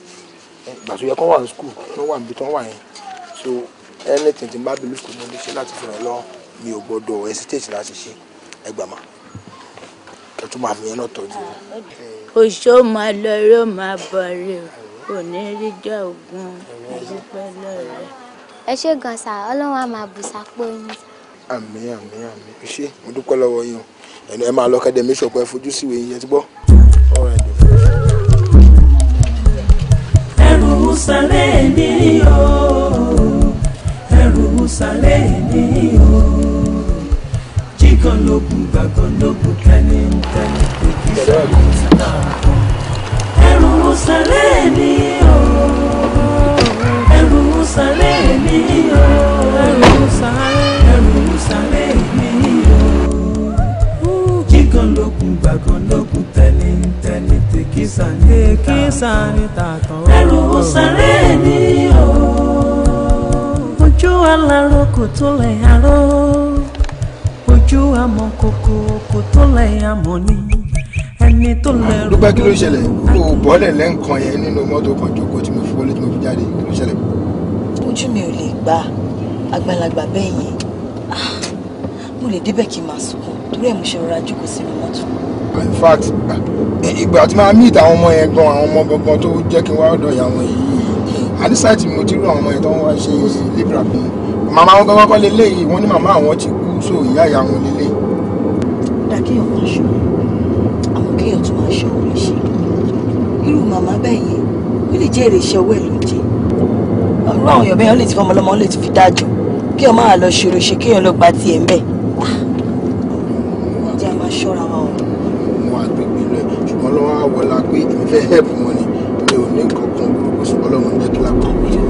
ìgbà tó yẹ kán wà ní skul kán wà níbi tán wà yẹn so anything tí n bá believe kò ní lè ṣe láti fún ẹ lọ mi ò gbọdọ̀ hesitate láti ṣe ẹgbàmà kẹtù máa fi yẹn náà tọ́jú. òṣó máa lọ ró máa bọ̀ rè o kò ní rí jẹ́ ogun ìdúpẹ́ lọ́rẹ́. ẹ ṣé gan sa ọlọ́run á máa bù sápò yín. àmín àmín àmín ṣé mo dúpẹ́ lọ́wọ́ yín o ẹ máa lọ kẹ́dẹ̀ mí sọ̀pọ̀ ẹ fojú síwèé yín yẹn ti gbọ́. ẹrù musalẹ̀ ni o ẹrù musalẹ̀ ni o jíkan lókun gbàgbọ́n lókun kẹ́ni ń tẹ́lẹ̀ kékeré. Jerusalem o Jerusalem o Jerusalem o kíkan lókun gbàkan lókun tẹni tẹni tèkísà ní tàtàn Jerusalem o ojú alárò kò tó lẹ̀ aró ojú amọ̀kòkò kò tó lẹ̀ amọ̀ ni mi tó lẹ́rù. dúpẹ́ kí ló ṣẹlẹ̀ o bọ́lẹ̀ lẹ́ǹkan yẹn nínú mọ́tò kan jókòó tí mo fi wọlé tí mo fi jáde kí ló ṣẹlẹ̀. ojú mi ò lè gba àgbàlagbà bẹ́ẹ̀ yẹn ah, mo lè débẹ̀ kí n máa sunkún torí ẹ̀ mo ṣe rọra jókòó sínú mọ́tò. in fact ah, ìgbà tí máa meet àwọn ọmọ yẹn gan àwọn ọmọ gangan tó jẹ́ kí n wá ọ̀dọ̀ ìyàwó yìí àdísáìtì mo ti rú àwọn ọmọ yẹn tó ń wá ṣe libra fún mi màmá wọn gangan kọ́ leléyìí wọ́n ní màmá àwọn ti kú so ìyá ìyá wọn leléyìí. dàkíyàn kan ṣòro kéèyàn tún máa ṣe òwe ṣe irú màmá bẹ́ẹ̀ yẹn ó lè jẹ́ èrè owó ẹ̀ ló jẹ́ irú àwọn èèyàn bẹ́ẹ̀ lè ti fọmọ lọ́mọ lè ti fi dájọ́ kí ọmọ àlọ́ ṣòro ṣe kéèyàn lọ gba tiẹ̀ ń bẹ̀ jẹ́ àmà ṣọ́ra wa o. wọn àgbègbè rẹ ṣùgbọ́n lọ́wọ́ àwọ̀ la pé ìfẹ́ help wọn mi ò ní nǹkan kan burúkú sí ọlọ́run jẹ́ kí lápá wọn.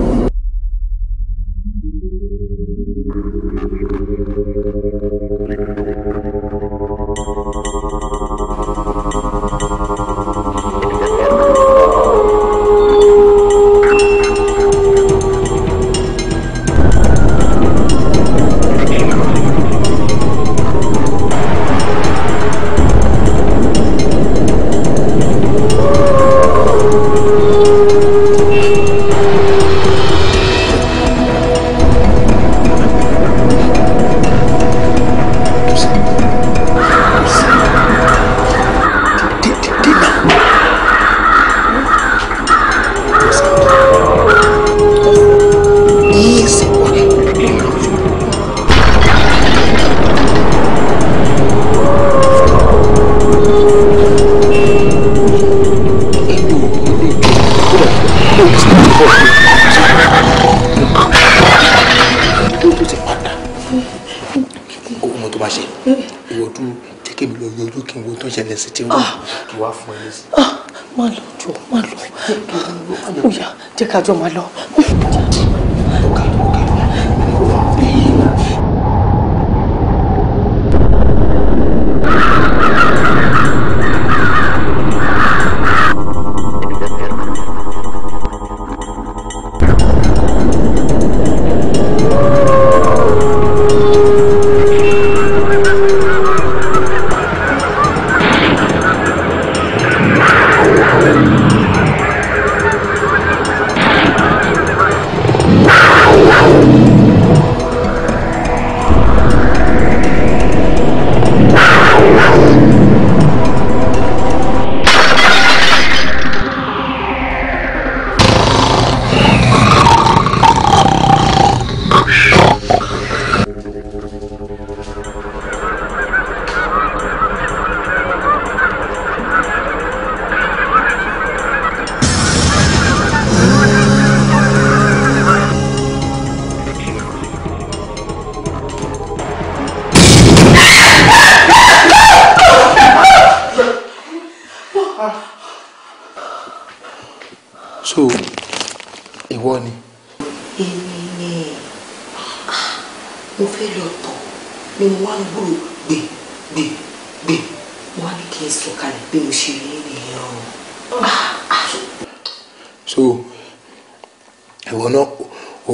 kájọ máa lọ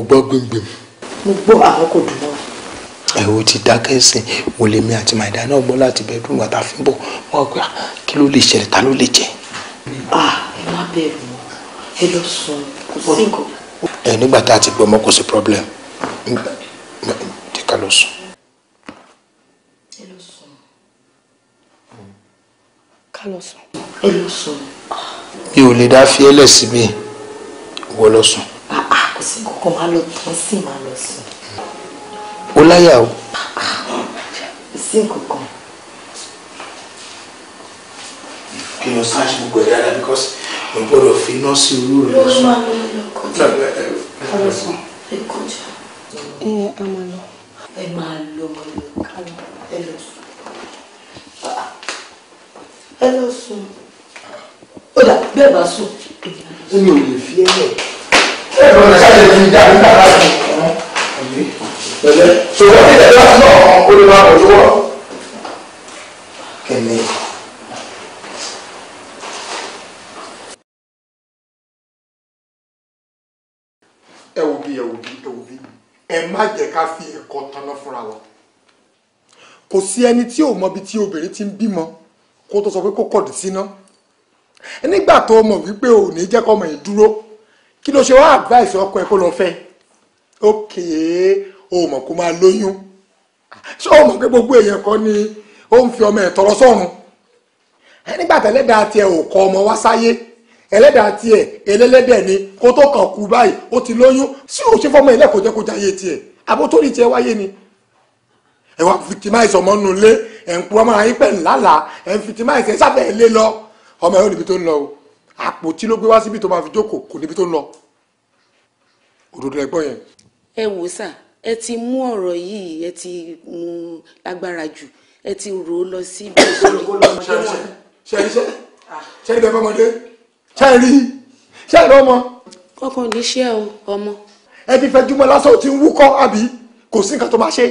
gbọ́ gbìngbìn. mo gbọ́ àwọn kò dùn náà. ẹ o ti dákẹ́ sìn mo lè mi àti màdá náà gbọ́ láti bẹ dùn wàtá fún bọ̀ wọ́n gbà ah, kí ló lè ṣẹlẹ̀ ta ló lè jẹ́. a ah, ẹ má bẹ̀rù mọ́ ẹ lọ sùn kò sí nǹkan. ẹ nígbà tá a ti gbọ́ ọmọ kò sí problem tí ká sùn. ẹ lọ sùn. ká lọ sùn. ẹ lọ sùn. mi ò lè dá fi sí mi wọ́ lọ sùn kò sí kankan máa lọ tán sí máa lọ sùn. ó láyà o. kò sí kankan. kí lọ sáà ṣe gbogbo ẹ̀ dáadáa because mo gbọ́dọ̀ fi iná sí olú rẹ̀ lọ́sùn. lọ́wọ́ máa lọ kọjá ọlọ́sùn ẹ kọjá. ẹ a máa lọ. ẹ máa lọ ẹ lọ sùn. ẹ lọ sùn. ó dà bẹ́ẹ̀ bá sùn. èmi ò lè fi ẹ́ lẹ̀ ẹ̀rọ rẹ̀ ṣáà lè fi dá nígbà láti pẹ̀lẹ́ ṣùgbọ́n ní ìdájọ́ àti náà ó lè máa bọ̀jú wọ̀ kẹ̀lẹ́. ẹ wò bí ẹ wò bí ẹ wò bí ẹ má jẹ́ ká fi ẹ̀kọ́ tanná fúnra wa kò sí ẹni tí ò mọbi tí obìnrin ti ń bímọ kó tó sọ pé kó kọ̀dí síná nígbà tó mọ̀ wípé ò ní jẹ́ kọ́mọ yìí dúró kí ló ṣe wá advice ọkọ ẹ kó lọ fẹ́ ókè o mọ̀ kó máa lóyún ṣé o mọ̀ pé gbogbo èèyàn kan ni ó ń fi ọmọ ẹ̀ tọrọ sọ́run nígbà tẹ́lẹ́dàá tiẹ̀ ò kọ ọmọ wá sáyé ẹlẹ́dàá tiẹ̀ ẹlẹ́lẹ́dẹ̀ ni kó tó kàn kú báyìí ó ti lóyún sí òṣè fọmọ ilé kò jẹ́ kó jayé tiẹ̀ àbótórí tiẹ̀ wáyé ni ẹ wá victimize ọmọ nínú ilé ẹ̀ ń purọ́ mọ́ra yín pẹ̀ ńlá là ẹ̀ ń victimize ẹ̀ sáfẹ́ ẹ̀ lé lọ ọmọ ẹ̀ ó níbi tó ń lọ o àpótí ló gbé wá síbi tó máa fi jókòó kò níbi tó ń lọ òdodo ẹ̀gbọ́n yẹn. ẹ wò sà ẹ ti mú ọ̀rọ̀ yìí ẹ ti mú lágbára jù ẹ ti rò ó lọ sí ibi tó ń lọ. ṣẹ́ríṣẹ́ ṣẹ́rí bẹ́ẹ̀ fọmọdé ṣẹ́rí ṣẹ́rí ọmọ. kọ́kọ́ níṣẹ́ o ọmọ. ẹ ti fẹ́ júmọ́ lásán ò ti ń wúkọ́ àbí kò sí nǹkan tó máa ṣe.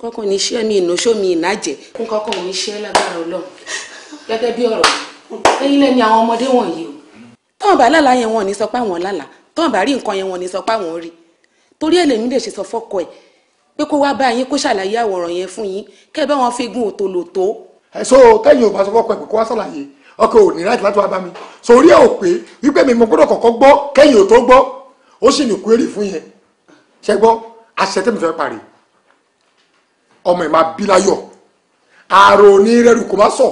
kọ́kọ́ níṣẹ́ mi ìnáṣọ́ mi ìnájẹ́ kọ́kọ́ níṣẹ́ lágbára ọlọ́run gẹ́gẹ́ bí ọ̀rọ̀ ẹ̀yin lẹ́ni àwọn ọmọdé wọ̀nyí o tọ́wọ́n bá lálàá yẹn wọn ò ní sọ pé àwọn lálàá tọ́wọ́n bá rí nǹkan yẹn wọn ò ní sọ pé àwọn rí torí ẹ̀ lèmi lè ṣe sọ fọ́kọ ẹ̀ pé kó wá bá yín kó ṣàlàyé àwòrán yẹn fún yín kẹ́ ẹ bá wọn fi gun òtò lò tó. ẹ so tẹyin ò bá sọ fọ́kọ ẹ pé kó wá ṣàlàyé ọkọ ò ní láti láti wá bá mi sórí ẹ ò pé wípé mi mo gbọ́dọ̀ kọ́kọ́ gbọ́ kẹ́yìn ò tó gbọ́ ó sì ní kúrèrè fún yẹn ṣe gbọ́ àṣẹ tẹmí fẹ́ parí ọmọ ẹ máa bí láyọ̀ àrò onírẹrù kò má sọ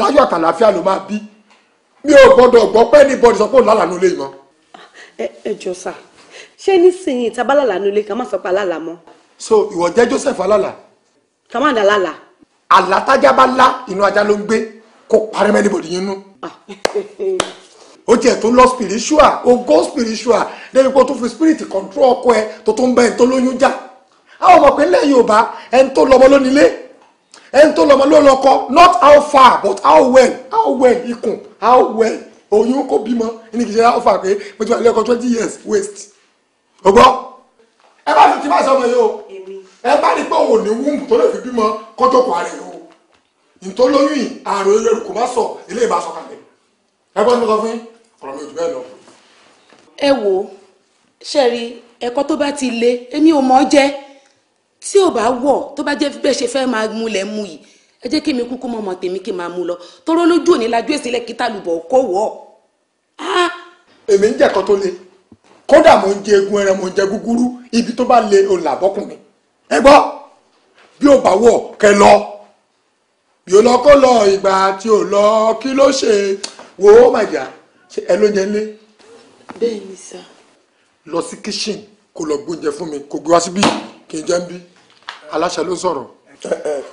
láyọ̀ àtàlàáfíà ló máa bí mi ò gbọ́dọ̀ gbọ́ pé ní bọ́ọ̀dì sọ pé òun lálàánú lé mọ́. ẹ jọ sà ṣé nísìnyí ìta bá lálàánú lé ká má sọ pé alálàá mọ́. so ìwọ jẹ́ Joseph alálà. ká má dà lálà. àlá tájá bá lá inú ajá ló ń gbé kó parẹ́ mẹ́ni bòdì yín nú. Ah. ó tiẹ̀ tó lọ spiritual ó go spiritual débi pé ó tún fi spirit control ọkọ ẹ tó tún bẹ́ẹ̀ tó lóyún já. àwọn ọmọ pé ńlẹ̀ Yorùbá ẹni tó lọ́mọ lónílé ẹni tó lọ́mọ ló lọ́kọ́ not how far but how well how well ikùn how well oyún kò bímọ ẹni kìí ṣe how far pé mo ti wà twenty years waste ọgbọ́ ẹ bá ti ti bá sọmọ yìí o ẹ bá rí pé òun ò ní wúmbù tó lè fi bímọ kọ́jọ́ kọ́ ara rẹ̀ o ìtọ́lóyún yìí àrùn eré kò má sọ eléyìí bá sọ kalẹ̀ ẹ gbọ́dọ̀ mi kọ fún ọ̀rọ̀ mi ò jù bẹ́ẹ̀ lọ. ẹ wo ṣe rí ẹ̀kọ́ tó bá ti le èmi ò mọ̀ jẹ́ tí ò bá wọ̀ tó bá jẹ́ bẹ́ẹ̀ ṣe fẹ́ máa múlẹ̀ mú yìí ẹ jẹ́ kí mi kúkú mọ́ ọmọ tèmi kí n máa mú lọ tọrọ lójú òní lajú èsìlẹ̀ kí tàlùbọ̀ kó wọ̀ èmi ń jẹ́kọ́ tó le kódà mo ń jẹ egun ẹran mo ń jẹ gúgúrú ibi tó bá le òun làbọ́kùnrin ẹ gbọ́ bí ò bá wọ̀ kẹ lọ yóò lọ kó lọ ìgbà tí ò lọ kí ló ṣe wò ó màjà ẹ ló yẹn lé. bẹ́ẹ̀ sá. lọ sí kíṣìn kó lọ gbóúnjẹ fún mi kó gbé wá síbí kí n jẹun bí aláṣẹ ló sọ̀rọ̀.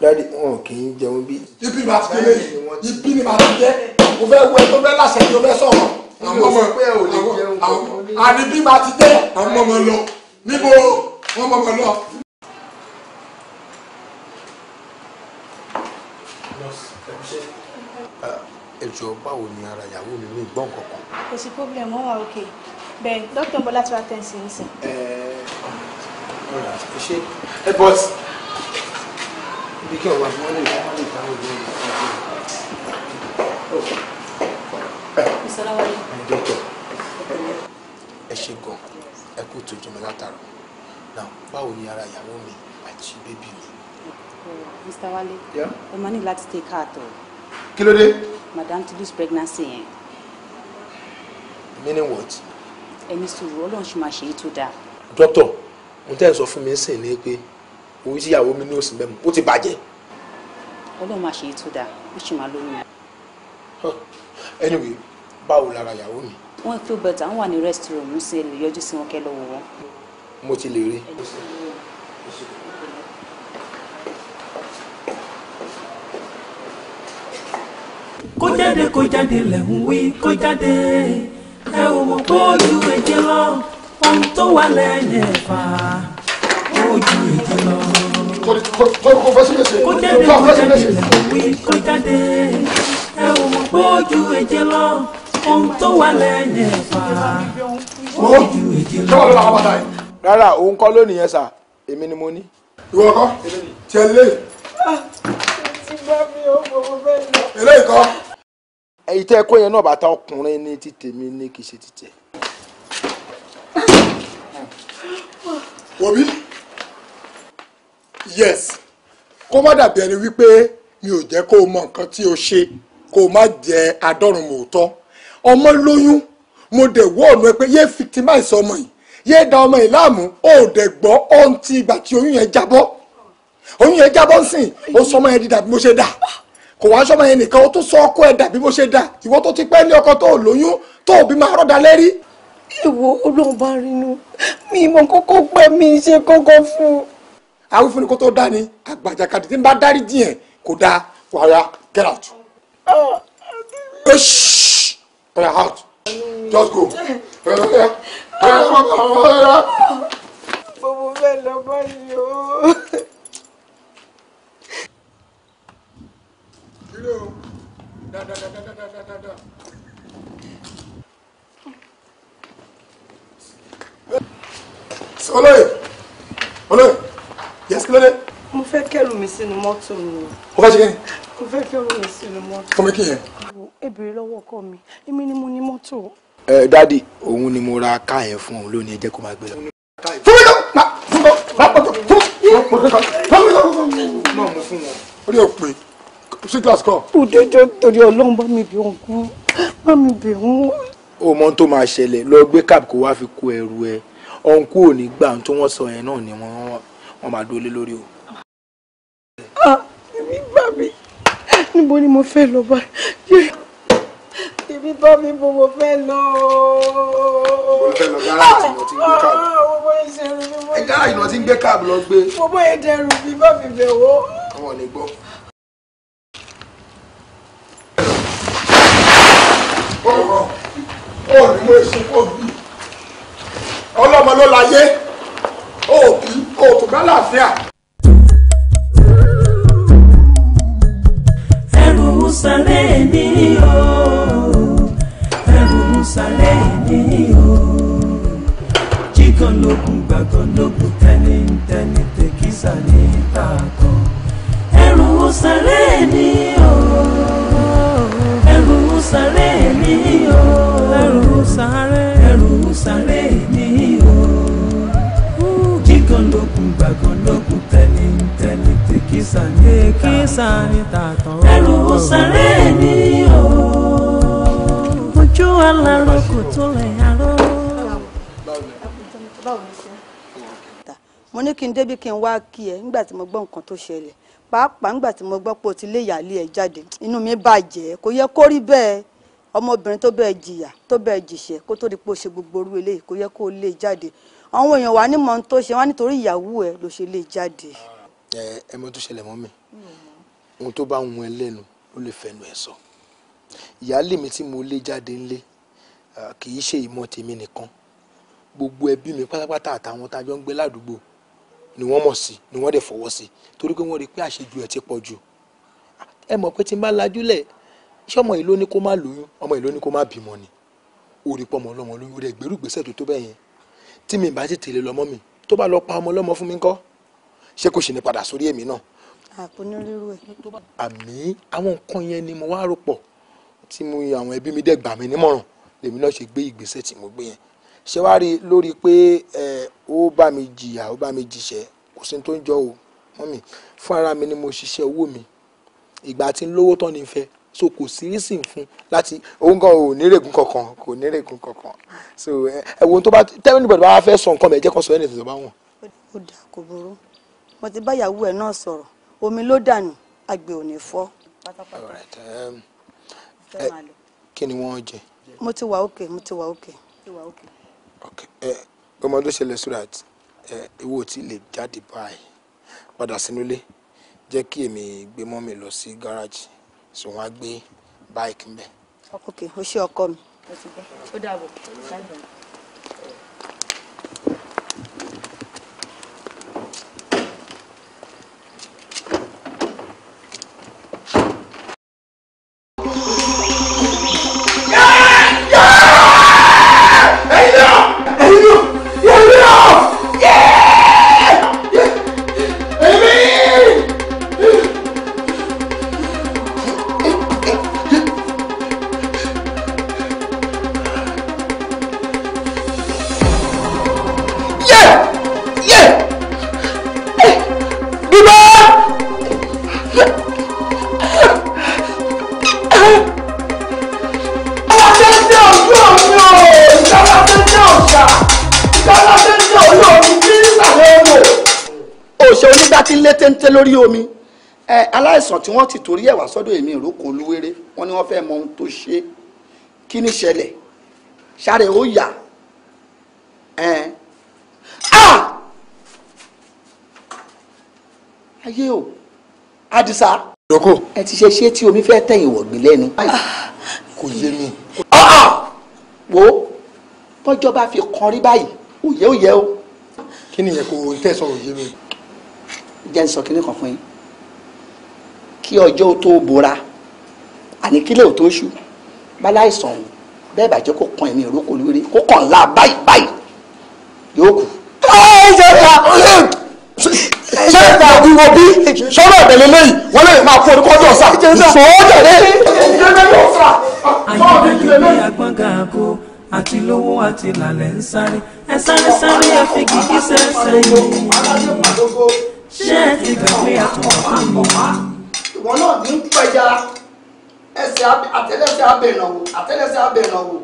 dáàdi wọn kì í jẹun bí. ibi ma ti délé yìí ibi ni ma ti jẹ mo fẹ́ wẹ tó fẹ́ láṣẹ tó fẹ́ sọ̀rọ̀ àwọn ọmọ àwọn àdìbí ma ti dé àwọn ọmọ lọ níbo wọn mọ̀mọ́ lọ. ẹjọ báwo ni ara ìyàwó mi ní ìgbọ́n kankan. kò sí problem wọn wà òkè bẹ́ẹ̀ dókítà ń bọ̀ láti wá tẹ̀sí nísìn. ẹ ẹ ṣe ẹ bọ́t ibi kí ọ̀wà wọn lè wọ́n lè dáhùn ní ọ̀gbìn. dókítà ẹ ṣe gan ẹ kú tó jọmọ látara náà báwo ni ara ìyàwó mi àti bébì mi. Mr. Wale ẹ máa ní láti tẹ káàtó. kí ló dé. madam to lose pregnancy yẹn. meaning what. ẹni sùúrù ọlọ́run ṣì máa ṣe é tó dáa. dókítà mo tẹ́ sọ fún mi sìn ní pé owó tí ìyàwó mi ní òsì mẹ́mu ó ti bàjẹ́. ọlọ́run máa ṣe ètò dáa ó sì máa lóyún. anyway báwo lára ìyàwó mi. wọ́n feel better wọ́n wà ní rest ṣe lè yọjú sí wọn kẹ́ lọ́wọ́ wọn. mo ti lè rí. kó jáde kó jáde lẹ̀ wí kó jáde ẹ ò mọ̀ pé ojú ẹ̀jẹ̀ lọ ohun tó wà lẹ́yìn ẹ̀fà ojú èdè lọ. kó jáde kó jáde lẹ́wí kó jáde ẹ ò mọ̀ pé ojú èdè lọ ohun tó wà lẹ́yìn ẹ̀fà ojú èdè lọ. rárá òun kọ́ lónìí yẹn sà èmi ni mo ní. ìwọ kọ́ tẹ̀lé. Ah, ti bá mi ò mọ̀ mo fẹ́ lọ. eléyìí kọ́. èyí tẹ́ ẹ kó yẹn náà bàtà ọkùnrin ní ti tèmi ní kì í ṣe ti wòbí yes kó má dàbí ẹni wípé mi ò jẹ́ kó o mọ nǹkan tí o ṣe kó o má jẹ́ adọ́run mòótọ́ ọmọ lóyún mo dẹ̀ wọ́ ọ̀nà ẹ pé yé victimize ọmọ yìí yé da ọmọ yìí láàmú ó dẹ̀ gbọ́ ohun ti ìgbà tí oyún yẹn jábọ́ oyún yẹn jábọ́ ń sìn ó sọ ọmọ yẹn di dàbí mo ṣe dà kò wá sọmọ yẹn nìkan ó tún sọ ọkọ ẹ dàbí mo ṣe dà ìwọ tó ti pẹ́ ní ọkọ tó lóyún tó òbí máa rọ́dà lẹ́rí èwo ọlọ́run bá mi mọ kókó pẹ́ mi ṣe kókó fún. àwọn kó tó dá ni àgbàjàkadì tí n bá dárí jì yẹn kò wàrà get out. ọ̀rẹ́ ah, out just go. bọ́bọ́ bẹ́ẹ̀ lọ báyìí o. kí ló dáadáa dáadáa dáadáa. olóyè olóyè yẹsí lóde. mo fẹ́ kẹ́rù mi sínú mọ́tò mi. mo fẹ́ ṣe kí ni. mo fẹ́ kẹ́rù mi sínú mọ́tò. kọ́mi kí yẹn. ẹ béèrè lọ́wọ́ ọkọ mi èmi ni mo ní mọ́tò. ẹ dádì òun ni mo ra káà yẹn fún òun lónìí ẹ jẹ́ kó máa gbé lọ. fún mi lọ ma fún mi lọ ma pọtọ fún mi lọ fún mi lọ fún mi lọ. náà mo fún wọn. ó ní òpin sí glass kan. òdodo torí ọlọ́run bá mi bẹ̀ òun kú bá mi bẹ̀ òun ó mọ tó máa ṣẹlẹ̀ lọ gbé cap kó wá fi kó ẹrù ẹ ọ̀hún kú òní gbà tó wọ́n sọ yẹn náà ni wọ́n máa dúró lé lórí o. Ah, èmi bá mi níbo ni mo fẹ́ lọ báyìí èmi bá mi bò mo fẹ́ lọ. mo fẹ́ lọ gáràjì mo ti gbé cap. ẹ gáràjì náà ti ń gbé cap ah, ah, lọ gbé. mo bọ́ ẹ dẹrù mi bá mi bẹ̀ wọ́. àwọn ò ní gbọ́. Oh, oh ó ní mo èso kò bí ọlọ́mọ ló láyé ó bí bá láàfíà. ẹrù musalẹ ni o ẹrù musalẹ ni o jíkan lókun gbàgán lókun tẹni tẹni tẹkísà ní ìta kan ẹrù musalẹ ni o sáré mi o ẹrù sáré ẹrù sáré mi o jígan lókun gbàgán lókun tẹni tẹni tí kìsà ní kìsà ní tàtàn ẹrù sáré mi o ojú alárò kò mo ní kí n débi kí n wá kí ẹ nígbà tí mo gbọ́ nǹkan tó ṣẹlẹ̀ pàápàá ńgbà tí mo gbọ́ pé o ti lé ìyáálé ẹ jáde inú mi bàjẹ́ kò yẹ kó rí bẹ́ẹ̀ ọmọbìnrin tó bẹ́ẹ̀ jìyà tó bẹ́ẹ̀ jìṣẹ́ kó tó di pé o ṣe gbogbo orú eléyìí kò yẹ kó o lé e jáde àwọn èèyàn wà ní mọ̀ tó ṣe wá nítorí ìyàwó ẹ ló ṣe lé e jáde. ẹ ẹ mọ tó ṣẹlẹ̀ mọ́ mi hmm. ohun tó bá ń wọn lẹ́nu ló lè fẹnu ẹ̀ sọ ìyáálé mi tí mo lé jáde ńlé kì í ṣe ìmọ̀ tèmi nìkan gbogbo ẹbí mi pátápátá àtàwọn tá a jọ ń gbé ládùúgbò ni wọ́n mọ̀ sí ni wọ́n dẹ̀ fọwọ́ sí torí pé wọ́n rí i pé àṣejù ẹ̀ ti pọ̀ jù ẹ mọ̀ pé tí n bá lajúlẹ̀ ṣé ọmọ yìí ló ní kó má lóyún ọmọ yìí ló ní kó má bímọ ni ó rí pọmọ ọlọmọ lóyún ó rẹ gbèrú gbèsè tó tó bẹ́ẹ̀ yẹn tí mi bá tètè lè lọmọ mi tó bá lọ pa ọmọ ọlọmọ fún mi ńkọ́ ṣé kò sì ní padà sórí èmi náà. àmì àwọn nǹkan yẹn ni mo wá rò pọ̀ tí mo àwọn ẹbí mi dẹ̀ gbà lèmi náà ṣe gbé ìgbésẹ̀ tí mo gbé yẹn ṣe wá rí lórí pé ẹ ó bá mi jìyà ó bá mi jìṣẹ́ kò sí tó ń jọ o mọ́mì fún ara mi ni mo ṣiṣẹ́ owó mi ìgbà tí ń lówó tán ni fẹ́ so kò sí rísìn fún láti òun kan ò nírègùn kankan kò nírègùn kankan so ẹ wo tó bá tẹ́wọ́n nígbà tó bá fẹ́ sọ nǹkan bẹ̀ jẹ́ kan sọ ẹnìtàn tó bá wọ̀n. ó dà kò burú mo ti bá ìyàwó ẹ náà sọ̀rọ̀ omi ló dànù àgbẹ̀ ò ní fọ́. Um, kí ni wọ́n jẹ. mo ti wà òkè mo ti wà òkè. Eh, ọmọ tó ṣẹlẹ̀ surat ìwọ eh, tí lè jáde báyìí padà sínúlé jẹ́ kí lọ sí gáràjì so wọ́n á gbé báyìí kí o ṣe ọkọ mi. ó dàbọ̀ lórí omi ẹ aláìsàn tí wọ́n ti torí ẹ̀wà sọ́dọ̀ èmi ìrókò olúwéré wọ́n ní wọ́n fẹ́ mọ ohun tó ṣe kí ni ṣẹlẹ̀ ṣàrẹ̀ ó yà ẹ̀ ah ayé o Àdìsá ẹ ti ṣe ṣé tí omi fẹ́ tẹ̀yìn wọ̀gbìn lẹ́nu ah, kò yé mi wo bọ́jọ́ bá fi kan rí báyìí òye òye o. kí ni ìyẹn kò tẹ̀sán òye mi jẹ́ sọ kínní kan fún yín kí ọjọ́ tó bora àní kílẹ̀ ò tó ṣú bálá ìsàn òun bẹ́ẹ̀ bàjẹ́ kò kàn ẹ̀mí ìrókò lórí kò kàn ńlá báyìí báyìí yóò kù. ṣé ìta ìwọ bí sọ́nà ìbẹ̀lẹ̀ lẹ́yìn wọ́n lè máa fún orúkọ ọjọ́ sà ìṣòwò jẹ̀lẹ́. àyè ìgbìlẹ̀ àgbọn kan àti lówó àti làlẹ̀ ń sáré ẹ sáré sáré ẹ fi gìgísẹ̀ sẹ́yìn ṣé ẹ ti gbàgbé àtọ̀pá mọ̀ wá. ìwọ náà ní pẹja ẹsẹ̀ àtẹ́lẹsẹ̀ abẹ ìnáwó àtẹ́lẹsẹ̀ abẹ ìnáwó.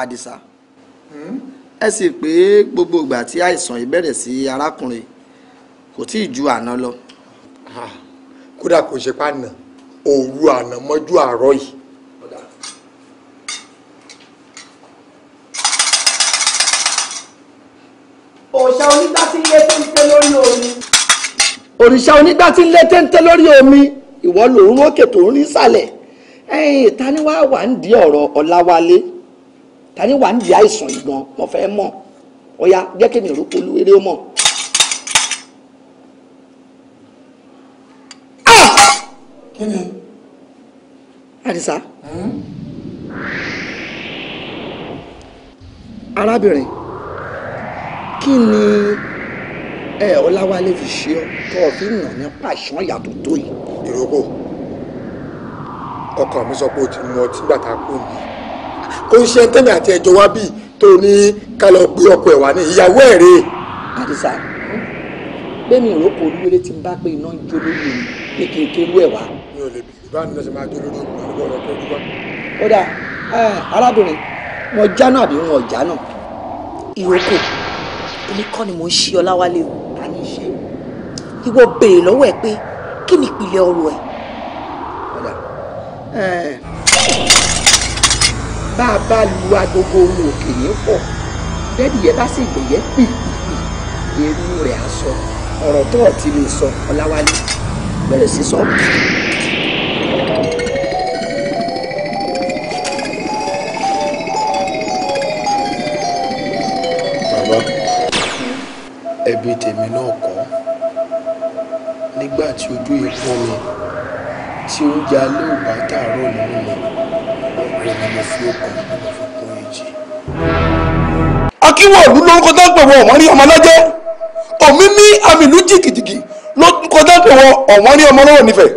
àdìsá ẹ sì pé gbogbo ìgbà tí àìsàn yìí bẹ̀rẹ̀ sí arákùnrin kò tí ì ju àná lọ. Ah, kódà kò ṣe pa àná òru àná mọ́jú àárọ̀ yìí òòṣà onígbà tí ń lé téńté lórí omi. òrìṣà onígbà tí ń lé téńté lórí omi ìwọ lòun rókè tó ń rí sàlẹ̀ ẹ̀yìn ta wàá wà ń di ọ̀rọ̀ ọ̀làwálé ta wàá ń di àìsàn ìgbọ̀n mo fẹ́ mọ̀ ọ̀ya jẹ́ kí mi rò polú eré mọ̀. Ah! kí ni. àdìsá. Hmm? arábìnrin kí ni ẹ ọláwálé fi ṣe ọ tó o fi nà ní pàṣán yàtọ̀ tó yìí. ìrókò ọkọ mi sọ pé o ti mu ọtí gbàtà kú mi kò ń ṣe tẹ́mi àti ẹjọ́ wá bíi tó ní ká lọ gbé ọkọ ẹ̀ wá ní ìyàwó ẹ̀ rè. àdìsá hmm? bẹ́ẹ̀ni ìrókò olúwere ti ń bá pé iná ń jó lórí mi pé kí n ké lú ẹ̀ wá. mi ò lè bí ìbánu náà ṣe máa jó lórí mi àdúgbò ọ̀rọ̀ tó dúpá. ó arábìnrin wọn já àbí wọn ò ìrókò èmi kọ́ ni mò ń ṣe ọláwálé o ìwọ béèrè lọ́wọ́ ẹ pé kí ni ìpìlẹ̀ ọ̀rọ̀ ẹ. bá a bá lu agogo ohun òkè ní pọ̀ bẹ́ẹ̀ni yẹn bá sì gbòyẹ́ pìpìpì èrú rẹ̀ á sọ ọ̀rọ̀ tó ọ̀ ti lè sọ ọláwálé bẹ̀rẹ̀ sí sọ. ẹbí tèmi náà kọ́ nígbà tí ojú ikú mi tí oúnjẹ alẹ́ ò bá tààrọ̀ nínú mi ọ̀rẹ́ ni mo fi ọkàn mi èjì. akínwọ̀lú lórúkọ tó ń pè wọ́n ọ̀wọ́n rí ọmọ lọ́jẹ́ òmí ní àmì ìlú lórúkọ tó ń pè wọ́n ọ̀wọ́n rí ọmọ lọ́wọ́ nífẹ̀ẹ́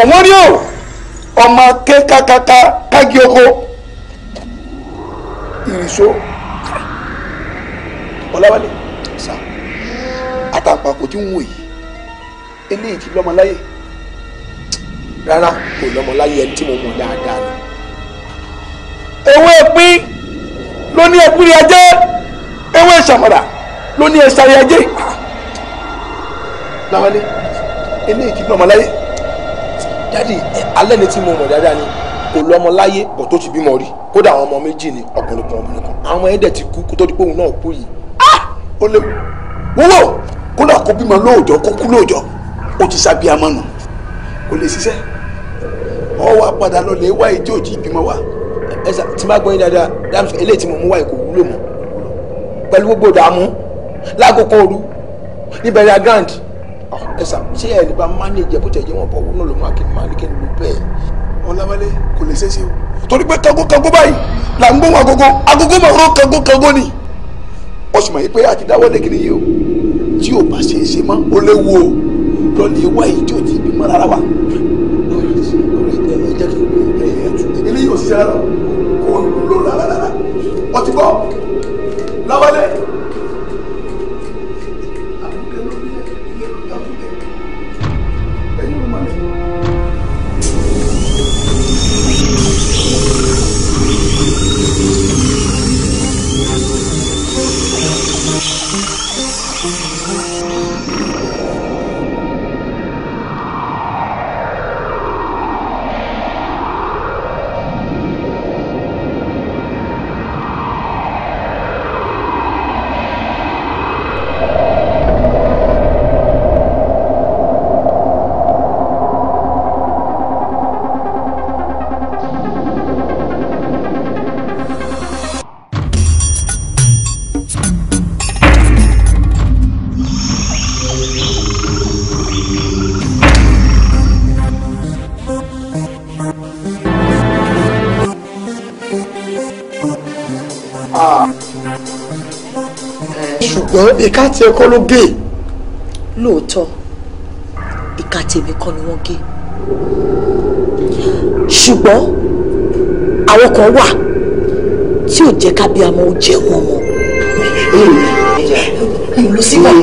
ọ̀wọ́n rí o ọmọ ké kákáká kági oko ìrìnsó ọ̀làwálé àtàpàkò tí ń wò yìí eléyìí ti lọ́mọláyè rárá kò lọ́mọláyè ẹni tí mo mọ̀ dáadáa ni. ewé pín ló ní ẹkúrẹ́ ajé ewé ìṣàmọ̀dà ló ní ẹ̀ṣàrẹ́ ajé láwálé eléyìí ti lọ́mọláyè dádì alẹ́ ni tí mo mọ̀ dáadáa ni kò lọ́mọláyè bọ̀ tó ti bímọ rí kódà àwọn ọmọ méjì ni ọkùnrin kan ọmọbìnrin kan àwọn ẹ̀dẹ̀ ti kú kó tó di pé òun náà kú yìí ah! ó léwu wúwo kódà kó bímọ lóòjọ́ kó kú lóòjọ́ ó ti sábí amọ́nù kò lè ṣiṣẹ́ ọ wá padà lọ lè wá ìjọ òjì ìbímọ wa. ẹ sà tí má gbọ́n yín dáadáa dáàmú eléyìí tí mo mú wáyé kò wúlò mọ́ pẹ̀lú gbogbo ìdààmú lákòókò ooru ní bẹ̀rẹ̀ grand ẹ sà ṣé ẹ ní bá mánéjì ẹ bó tẹ̀ jẹ́ wọn bọ̀ wọ́n náà ló mú akéwì máa ní kí bẹ́ẹ̀. ọlámálé kò lè ṣeéṣe o torí pé kango kango báyìí là ń gbóhùn agogo agogo máa rán kango kango ni ó sì mọ̀ yí pé àti dáwọ́ lé kiri yìí o tí ò bá ṣe é ṣe mọ́ ó léwu o lọ lè wá èyí tí ò ti bímọ rárá wa. eléyìí ò ṣiṣẹ́ rárá kò lò rárá rárá ọtí bọ́. ìka tiẹ̀ kọ́ ló gé. lóòótọ́ ìka tèmi kọ́ ni wọ́n gé ṣùgbọ́n àwọn kan wà tí ò jẹ́ ká bí amọ̀ ó jẹ́ wọn mọ́. lọ síbẹ̀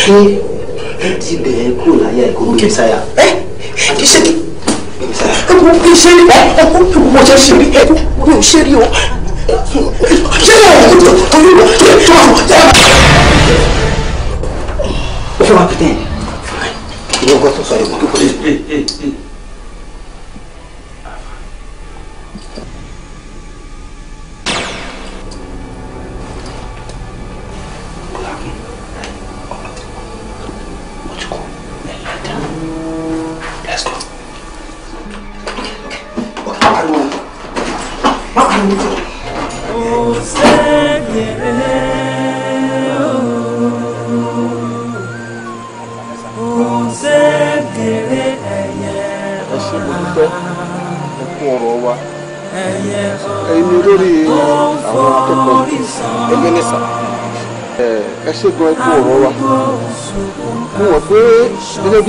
ṣé ti bẹ̀rẹ̀ kúrò láyà ẹ̀kọ́ bí sáyà. kì í ṣe kí kì í ṣe rí ẹ̀ kò ṣe rí o ṣé ẹ ẹ jọ ọdún lọ ṣe tó wà fún ẹ. ó fẹ́ wá pété yẹn ìyẹn ọgọ́ tó sọ ẹ̀ mọ́.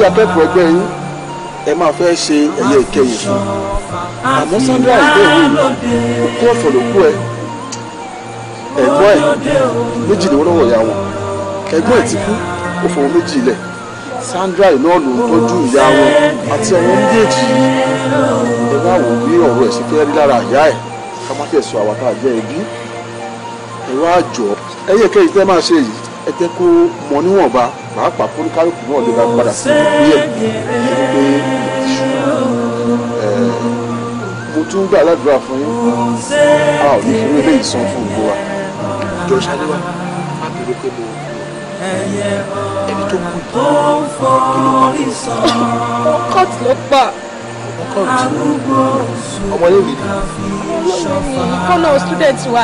tí akẹ́kọ̀ọ́ ẹgbẹ́ yín ẹ máa fẹ́ ṣe ẹ̀yẹ ìkẹyìn fún àmọ́ Sandra ìgbé ìwé yìí kú ọ̀fọ̀ ló kú ẹ ẹ̀gbọ́n ẹ̀ méjì ni wọ́n lọ́wọ́ ìyá wọn ẹ̀gbọ́n ẹ̀ ti kú ó fọwọ́ méjì ilẹ̀ Sandra iná ló ń tọ́jú ìyá wọn àti àwọn méjèèjì ẹ bá wò bí ọ̀rọ̀ ẹ̀ ṣe fẹ́ rí lára àyá ẹ̀ ká má tẹ̀sọ àwàtà àjẹ́ ẹbí ẹ wá jọ ẹ̀yẹ ìkẹyìn tẹ́ máa ṣe yìí ẹ tẹ́ kó mọ níwọ̀nba pàápàá kóníkálùkù náà lè ra padà sí ìlú pé mo tún gbà ládùúrà fún yín a ò ní fi ilé ìsan fún gbogbo wa. ìjọ ṣáléwá má bèrè pé mo ẹni tó kú kí ló pa. ọkọ̀tì ló pa. ọkọ̀tì ọmọlẹ́wìí ni. ọmọlẹ́wìí ni kọ́nà student wa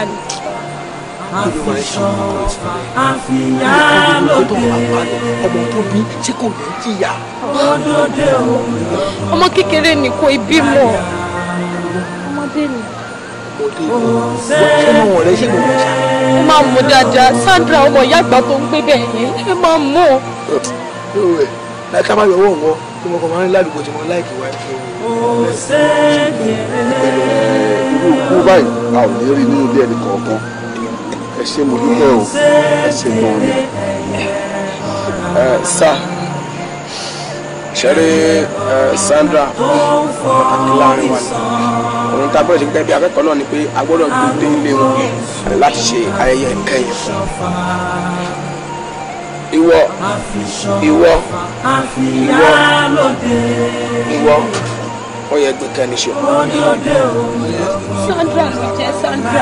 ọmọ tó bí tí kò ní jìyà. ọmọ kékeré ni kò ibi mọ ọmọdé ni. ṣé mo rẹ ṣe mo ṣá. ẹ máa mú dáadáa Sandra ọmọ ìyá àgbà tó ń gbé bẹ́ẹ̀ yẹn ẹ máa mú. láìka máa wọn tí mo kàn máa ń ládùúgbò tí mo láìkì wá. ìlú òkú báyìí a ò ní rí nínú ilé ẹnì kọ̀ọ̀kan ṣe mo dúpẹ́ o ẹ ṣe gan ni ẹ sá ṣẹ́rí ẹ Sandra pàtàkì láàrin wa òun tá a gbọ́dọ̀ ṣe gẹ́gẹ́ bí akẹ́kọ̀ọ́ náà ni pé a gbọ́dọ̀ gbé dé ilé wọn láti ṣe ayẹyẹ ìkẹyìn fún ìwọ ìwọ ìwọ ìwọ wọ́n yẹ gbẹ̀kẹ́ níṣẹ́. Sandra jẹ́ Sandra.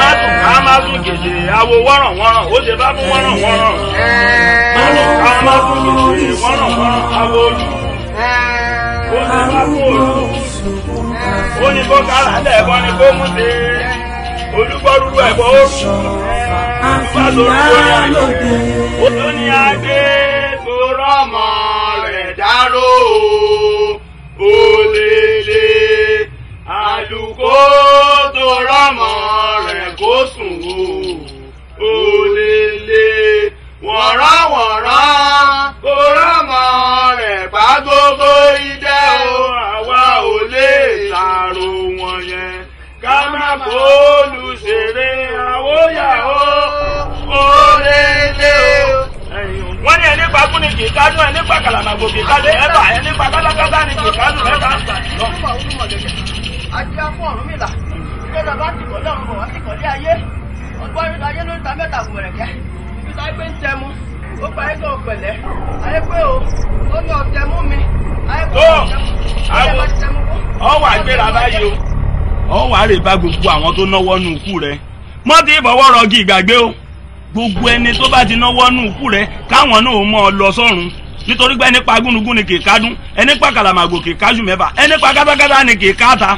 bá fún gèdè awo wọ́ràn wọ́ràn ó ṣe bá fún wọ́ràn wọ́ràn. ká má olu gèdè wọ́ràn olu awo ojú. ó ṣe bá fún òru. ó ní kó kára lẹ́ẹ̀kọ́ ni kó mú ṣe. olúgbọ́rúgbó ẹ̀kọ́ ó sùn. rámọ rẹ̀ kó sùn o ó lè lè wọ̀nránwọ̀nrá kó rámọ rẹ̀ bá gbogbo idẹ́ o àwa ò lè ṣàrò wọn yẹn ká má bóòlù ṣeré àwòyàwó ó lè lè wọ́n ní ẹni pa kúni kì í ẹni pa kàlàmàgbò kì í kánú ẹni pa kálákátá ni kì í kánú ẹ̀ka ń sàn. ajá fún ọ̀rúnmìlà ayé la bá dìbò lọ́run bọ̀ wá sí kọ̀lé ayé ọgbọ́n nínú ayé ló ń ta mẹ́ta bò rẹ̀ kẹ́ ibi táyé pé ń tẹmu ó pa ayé sọ̀rọ̀ ayé pé o ó ní ọ̀tẹ̀mú mi ayé pé ó tẹ̀mú ó wà gbéra báyìí o ó wà bá gbogbo àwọn tó náwó nù kú rẹ mọ́ ti bọ̀wọ́ rọgì ìgbàgbé o gbogbo ẹni tó bá ti náwó nù kú rẹ káwọn náà mọ́ ọ lọ sọ́run nítorí pé ẹni pa gúnugún ni kì í kádùn ẹni pa kàlàmàgò kì í kájú mẹ́fà ẹni pa kátàkátà ni kì í káta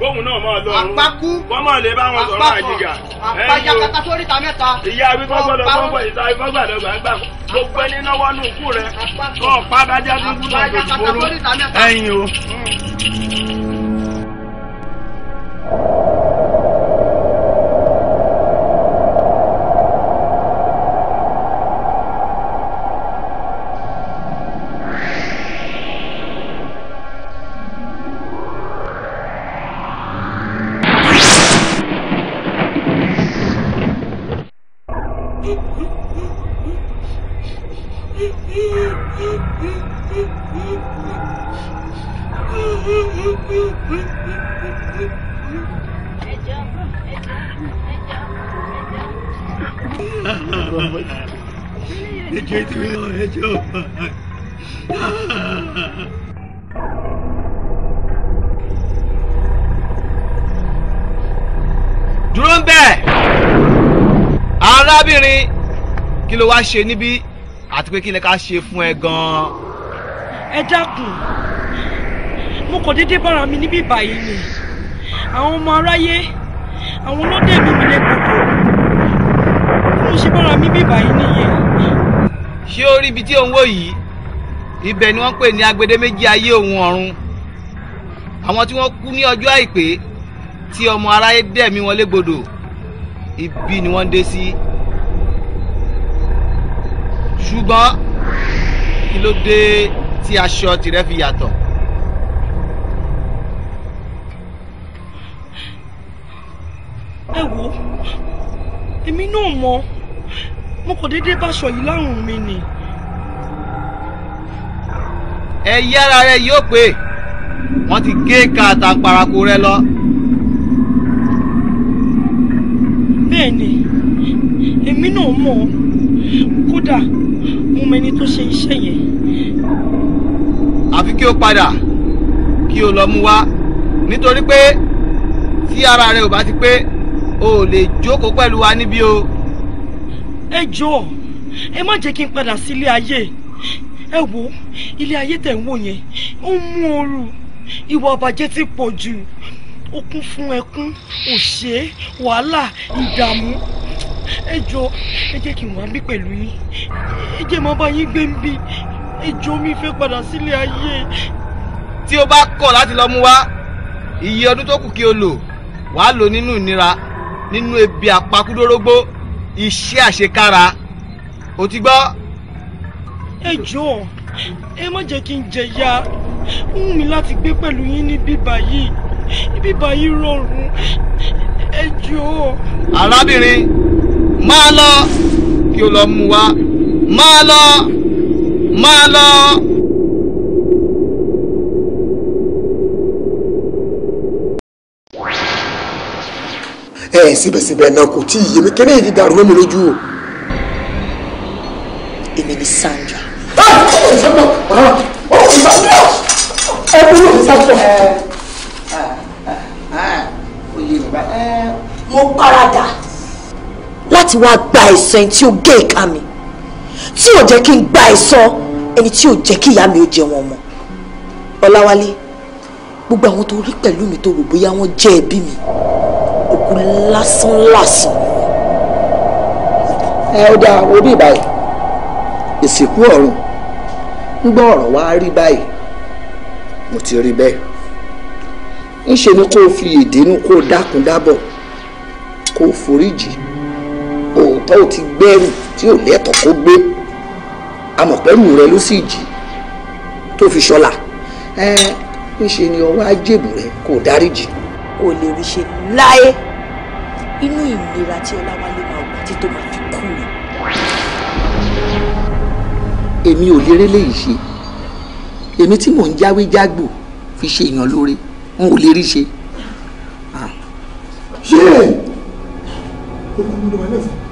kóhun náà máa lọ ọrùn àpakú wọn máa lè bá wọn sọ̀rọ̀ àjìgà àpájà kàkà sórí ta mẹ́ta ìyá wípé gbọ́dọ̀ gbọgbọ ìta wípé gbọ́dọ̀ gbàgbà gbogbo ẹni náwó nù kú rẹ kọ ọpá bájá dúdú náà kò dìbòrò ẹ̀yìn o. Hmm. wá ṣe níbí àti pé kí ni ká ṣe fún ẹ gan-an. ẹ dákun mo kò déédéé bára mi níbí báyìí ni àwọn ọmọ aráyé àwọn ọlọ́dẹ mi mi lè kókó mo ṣe bára mi bí báyìí nìyẹn. ṣé o rí ibi tí òun wò yìí ibẹ̀ ni wọ́n pè ní agbede méjì ayé òun ọ̀run àwọn tí wọ́n kú ní ọjọ́ àìpé tí ọmọ aráyé dẹ̀mí wọn légbodò ibi ni wọ́n dé sí. Si ṣùgbọ́n kí ló dé tí aṣọ tirẹ̀ fi yàtọ̀. ẹ wo èmi náà mọ mo kò déédéé báṣọ yìí láwùn mi nì. ẹ yára rẹ yóò pé wọ́n ti gé ka àtàǹpàràkò rẹ lọ. bẹ́ẹ̀ ni èmi náà mọ̀ ọ́ kódà mo mẹni tó ṣe iṣẹ́ yẹn. àfi kí o padà kí o lọ mú wá nítorí pé tí ara rẹ ò bá ti pé o ò lè jókòó pẹ̀lú wa níbí o. ẹ jọ̀ọ́ ẹ má jẹ́ kí n padà sílé ayé ẹ wo ilé ayé tẹ̀ ń wò yẹn ó ń mú ooru ìwà ọ̀bàjẹ́ ti pọ̀ jù ó fún ẹkún òṣè wàhálà ìdààmú ẹ jọ ẹ jẹ́ kí n wá bí pẹ̀lú yín ẹ jẹ́ máa bá yín gbé ń bí ẹ jọ mi fẹ́ padà sílé ayé. tí o bá kọ̀ láti lọ mú wá iye ọdún tó kù kí o lò wàá lò nínú ìnira nínú ebi àpakúdórógbó iṣẹ́ àṣekára o ti gbọ́. ẹ jọ ẹ má jẹ́ kí n jẹ ya ń wù mí láti gbé pẹ̀lú yín ní bíbá yìí bíbá yìí rọrùn ẹ arábìnrin máa lọ kí o lọ mú wá máa lọ máa lọ. ẹ síbẹ̀síbẹ̀ náà kò tí ì yé mi kí ni èyí dàrú mẹ́mi lójú o. èmi ni Sandra. Ah! ẹ bolo mi sábà. mo paradà láti wá gba ẹ̀san ẹni tí ó gé ìka mi tí ò jẹ́ kí n gba ẹ̀san ẹni tí ò jẹ́ kí ìyá mi ó jẹ wọn mọ́ ọláwálé gbogbo àwọn tó rí pẹ̀lú mi tó rò bóyá wọ́n jẹ́ ẹbí mi òkú lásán lásán. ẹ ó dáa orí ìbáyìí ìsìnkú ọ̀run ń gbọ́ ọ̀rọ̀ wá rí báyìí mo ti rí bẹ́ẹ̀ ńṣe ni kó o fi ìdínú kó o dákun dábọ̀ kó o foríjì tó ti gbẹ́rù tí ò lẹ́tọ̀ kó gbé amọ̀pẹ́rù rẹ ló sì jì tó fi ṣọlá ẹ ńṣe ni ọwọ́ ajébù rẹ kò dáríjì. kò lè rí ṣe láyé inú ìlera tí ọláwálé máa wà tí tó máa fi kú mi. èmi ò lérè léyìí ṣe èmi tí mò ń jáwé jágbò fi ṣe èèyàn lóore n ò lè ṣe. ṣé ẹ kókó ń lọ ẹlẹ́fọ̀ọ́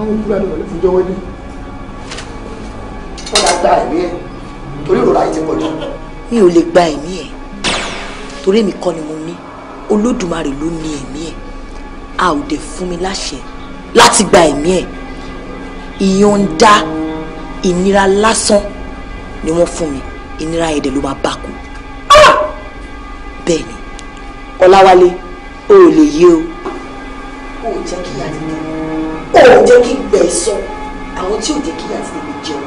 àwọn fúlàní wọn lè fi jọ wẹ́lẹ̀ wọ́n máa gba ẹ̀mí ẹ̀ torí ìrora yìí ti pọ̀ jù. mi ò lè gba ẹ̀mí ẹ̀ torí èmi kọ́ ni mo ní olódùmarè ló ní ẹ̀mí ẹ̀ a ò dẹ̀ fún mi láṣẹ láti gba ẹ̀mí ẹ̀ ìyọ̀ǹda ìnira lásán ni wọ́n fún mi ìnira ẹ̀dẹ̀ ló máa bá kú bẹ́ẹ̀ ni ọ̀làwálé o ò lè yé o. o jẹ́ kí ìyá ti ò jẹ́ kí gbẹ̀ sọ àwọn tí ò jẹ́ kí àti èmi jẹun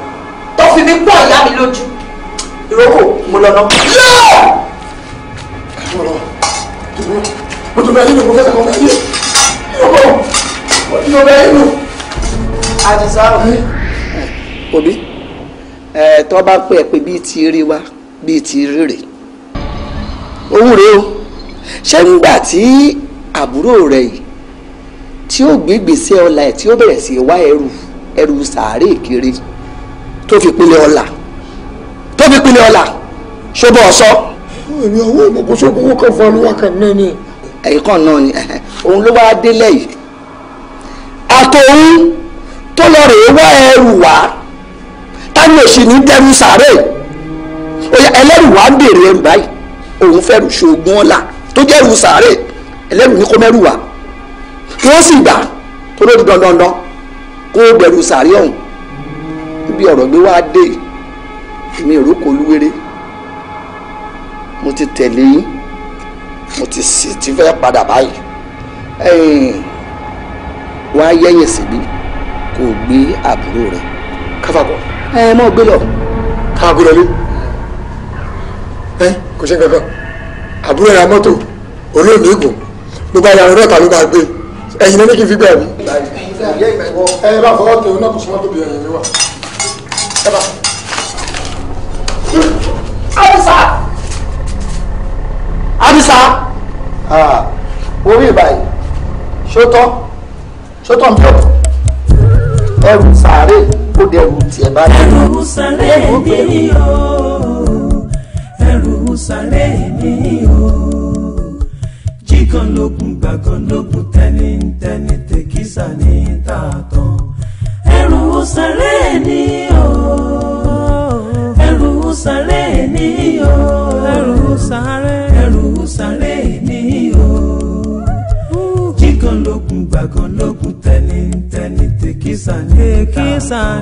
tó fi mi pọ̀ ìyá mi lójú ìrókò mo lọ náà. mo tún bẹ ayé mi mo fẹ́ sọ fún mi mo bẹ ayé mi. àdìsá òbí tó bá pè é pé bíi ti rí wa bíi ti rí rè òun rèé o ṣé ń gbà tí àbúrò rẹ̀ yìí tí ó gbé gbèsè ọlà ẹ̀ tí ó bẹ̀rẹ̀ sí wá ẹrù ẹrù sàárè kiri tó fi pinne ọlà tó fi pinne ọlà ṣọbọ ọsọ. èmi àwọn ọmọkùnso kò wọ́n kàn fún alúwa kan náà ni. ẹ̀yìn kan náà ni òun ló wáá délẹ̀ yìí àtòun tó lọ rèé wá ẹrù wá táwọn òsì ní dẹrù sàárè ẹlẹ́rù wá ń béèrè ẹrù báyìí òun fẹ́rù ṣoògùn ọlà tó jẹ́rù sàárè ẹlẹ́rù ní kó wá wọ́n sì gbà tó ló di dandandan kó o bẹ̀rù sàárì ọ̀hún bí ọ̀rọ̀ gbé wá dé mi rò kó lúwere mo ti tẹ̀lé yín mo ti sì ti fẹ́ padà báyìí wá yẹ́yìn síbi kó o gbé àbúrò rẹ káfàbọ̀ ẹ mọ̀ gbé lọ. káàkiri ọlẹ́ ẹ kò ṣe kankan àbúrò ẹ̀ ra mọ́tò olóògbé gùn ló bá ya ló bá gbé ẹ̀yin lẹ́ni kí n fi gbà mí. ẹ bá fọwọ́ tó náà kò súnmọ́ tóbi ẹ̀yìn mi wà. ẹ bá. abisa abisa. orí ìbàyí ṣótọ́ ṣótọ́ ń bọ̀ ẹrù sàárè kó dẹrù tiẹ̀ bá dẹ̀. ẹrù sàárè mi o ẹrù sàárè mi o kan lókun gbà kan lókun tẹ́ni tẹ́ni tèkísà ní tààtàn ẹrù sàré ni o ẹrù sàré ni o ẹrù sàré ẹrù sàré ni o kíkan lókun gbà kan lókun tẹ́ni tẹ́ni tèkísà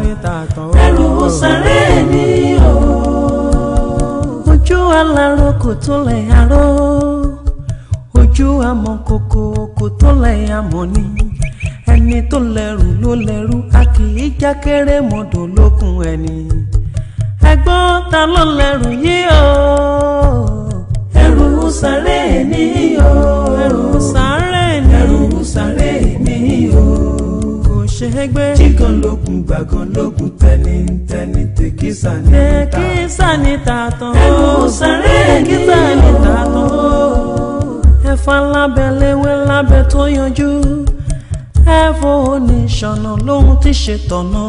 ní tààtàn ẹrù sàré ni o ojú alárò kò tún lè aró ojú àmọ́ kòkò kò tó lẹ́yìn àmọ́ ni ẹni tó lẹ́rù ló lẹ́rù a kì í jákèrè mọ́dò lókun ẹni ẹ̀gbọ́n ta ló lẹ́rù yìí o ẹrù sáré ni o ẹrù sáré ni ẹrù sáré ni o kò ṣe é gbé jígan lókun gbàgán lókun tẹni tẹni tẹkísà ní ta tẹkísà ní ta tán ẹrù sáré ni o. Ifá lábẹ́ léwé lábẹ́ tó yanjú ẹ̀fọ́ oníṣànà lóhun tí ṣètọ̀nà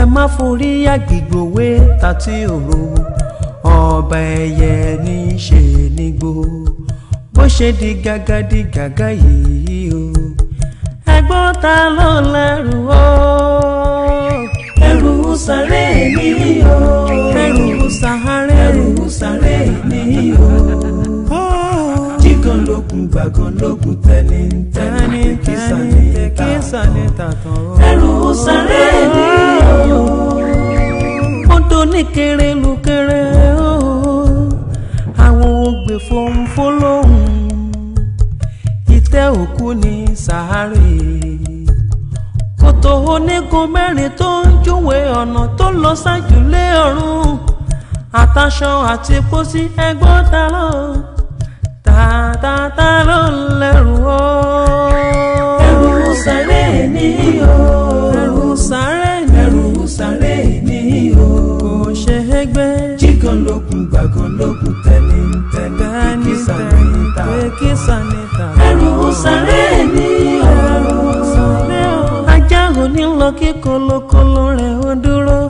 ẹ má forí àgbègbòwe tàti òru ọba ẹyẹ ní ṣe nígbó bó ṣe di gàgà di gàgà yìí o ẹgbọ́n ta ló lẹ́rù o. ẹrù sàárè mi o ẹrù sàárè mi o gbàgán lógun tẹni tẹni tẹkísà ní ìtàtàn ẹrù sáré ní ìyó odò ní kéré lu kéré o àwọn ògbè fòǹfò lóhùn ìtẹ́ òkú ní sàárè kòtò onígun mẹ́rin tó ń júwe ọ̀nà tó lọ sájúlé ọ̀run àtàṣọ àti pósí ẹgbọ́n ta àtàtà ló ń lẹ́rù o. ẹ̀rù sáré mi o. ẹ̀rù sáré mi. ẹ̀rù sáré mi o. kò ṣe é gbé. jígan lókun gbàgán lókun tẹ̀lé tẹ̀lé kíkísà níta. kíkísà níta. ẹ̀rù sáré mi o. ẹ̀rù sáré o. ajá dúró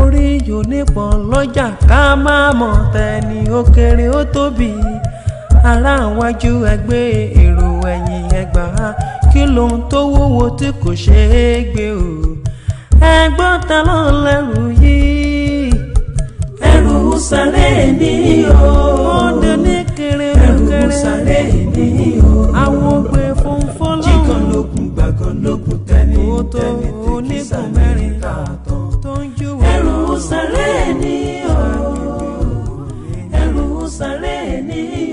orí yòó nípọn lọ́jà ká má mọ̀ tẹ́ni ó kéré ó tóbi aláwájú ẹgbẹ́ èrò ẹ̀yìn ẹgbà kí lohun tó wúwo tí kò ṣeé gbé o ẹgbọ́n ta ló ń lẹ́rù yìí. ẹrù sàlẹ̀ ní o. ó dé ní kéré kéré. ẹrù sàlẹ̀ ní o. àwọn ògbé fún fọlọ́. jíkan lókun gbàgán lókun tẹ́ni tẹ́ni tẹ́ni sàlẹ̀ ní káàtọ́. ẹrù sàlẹ̀ ní o. ẹrù sàlẹ̀ ní o.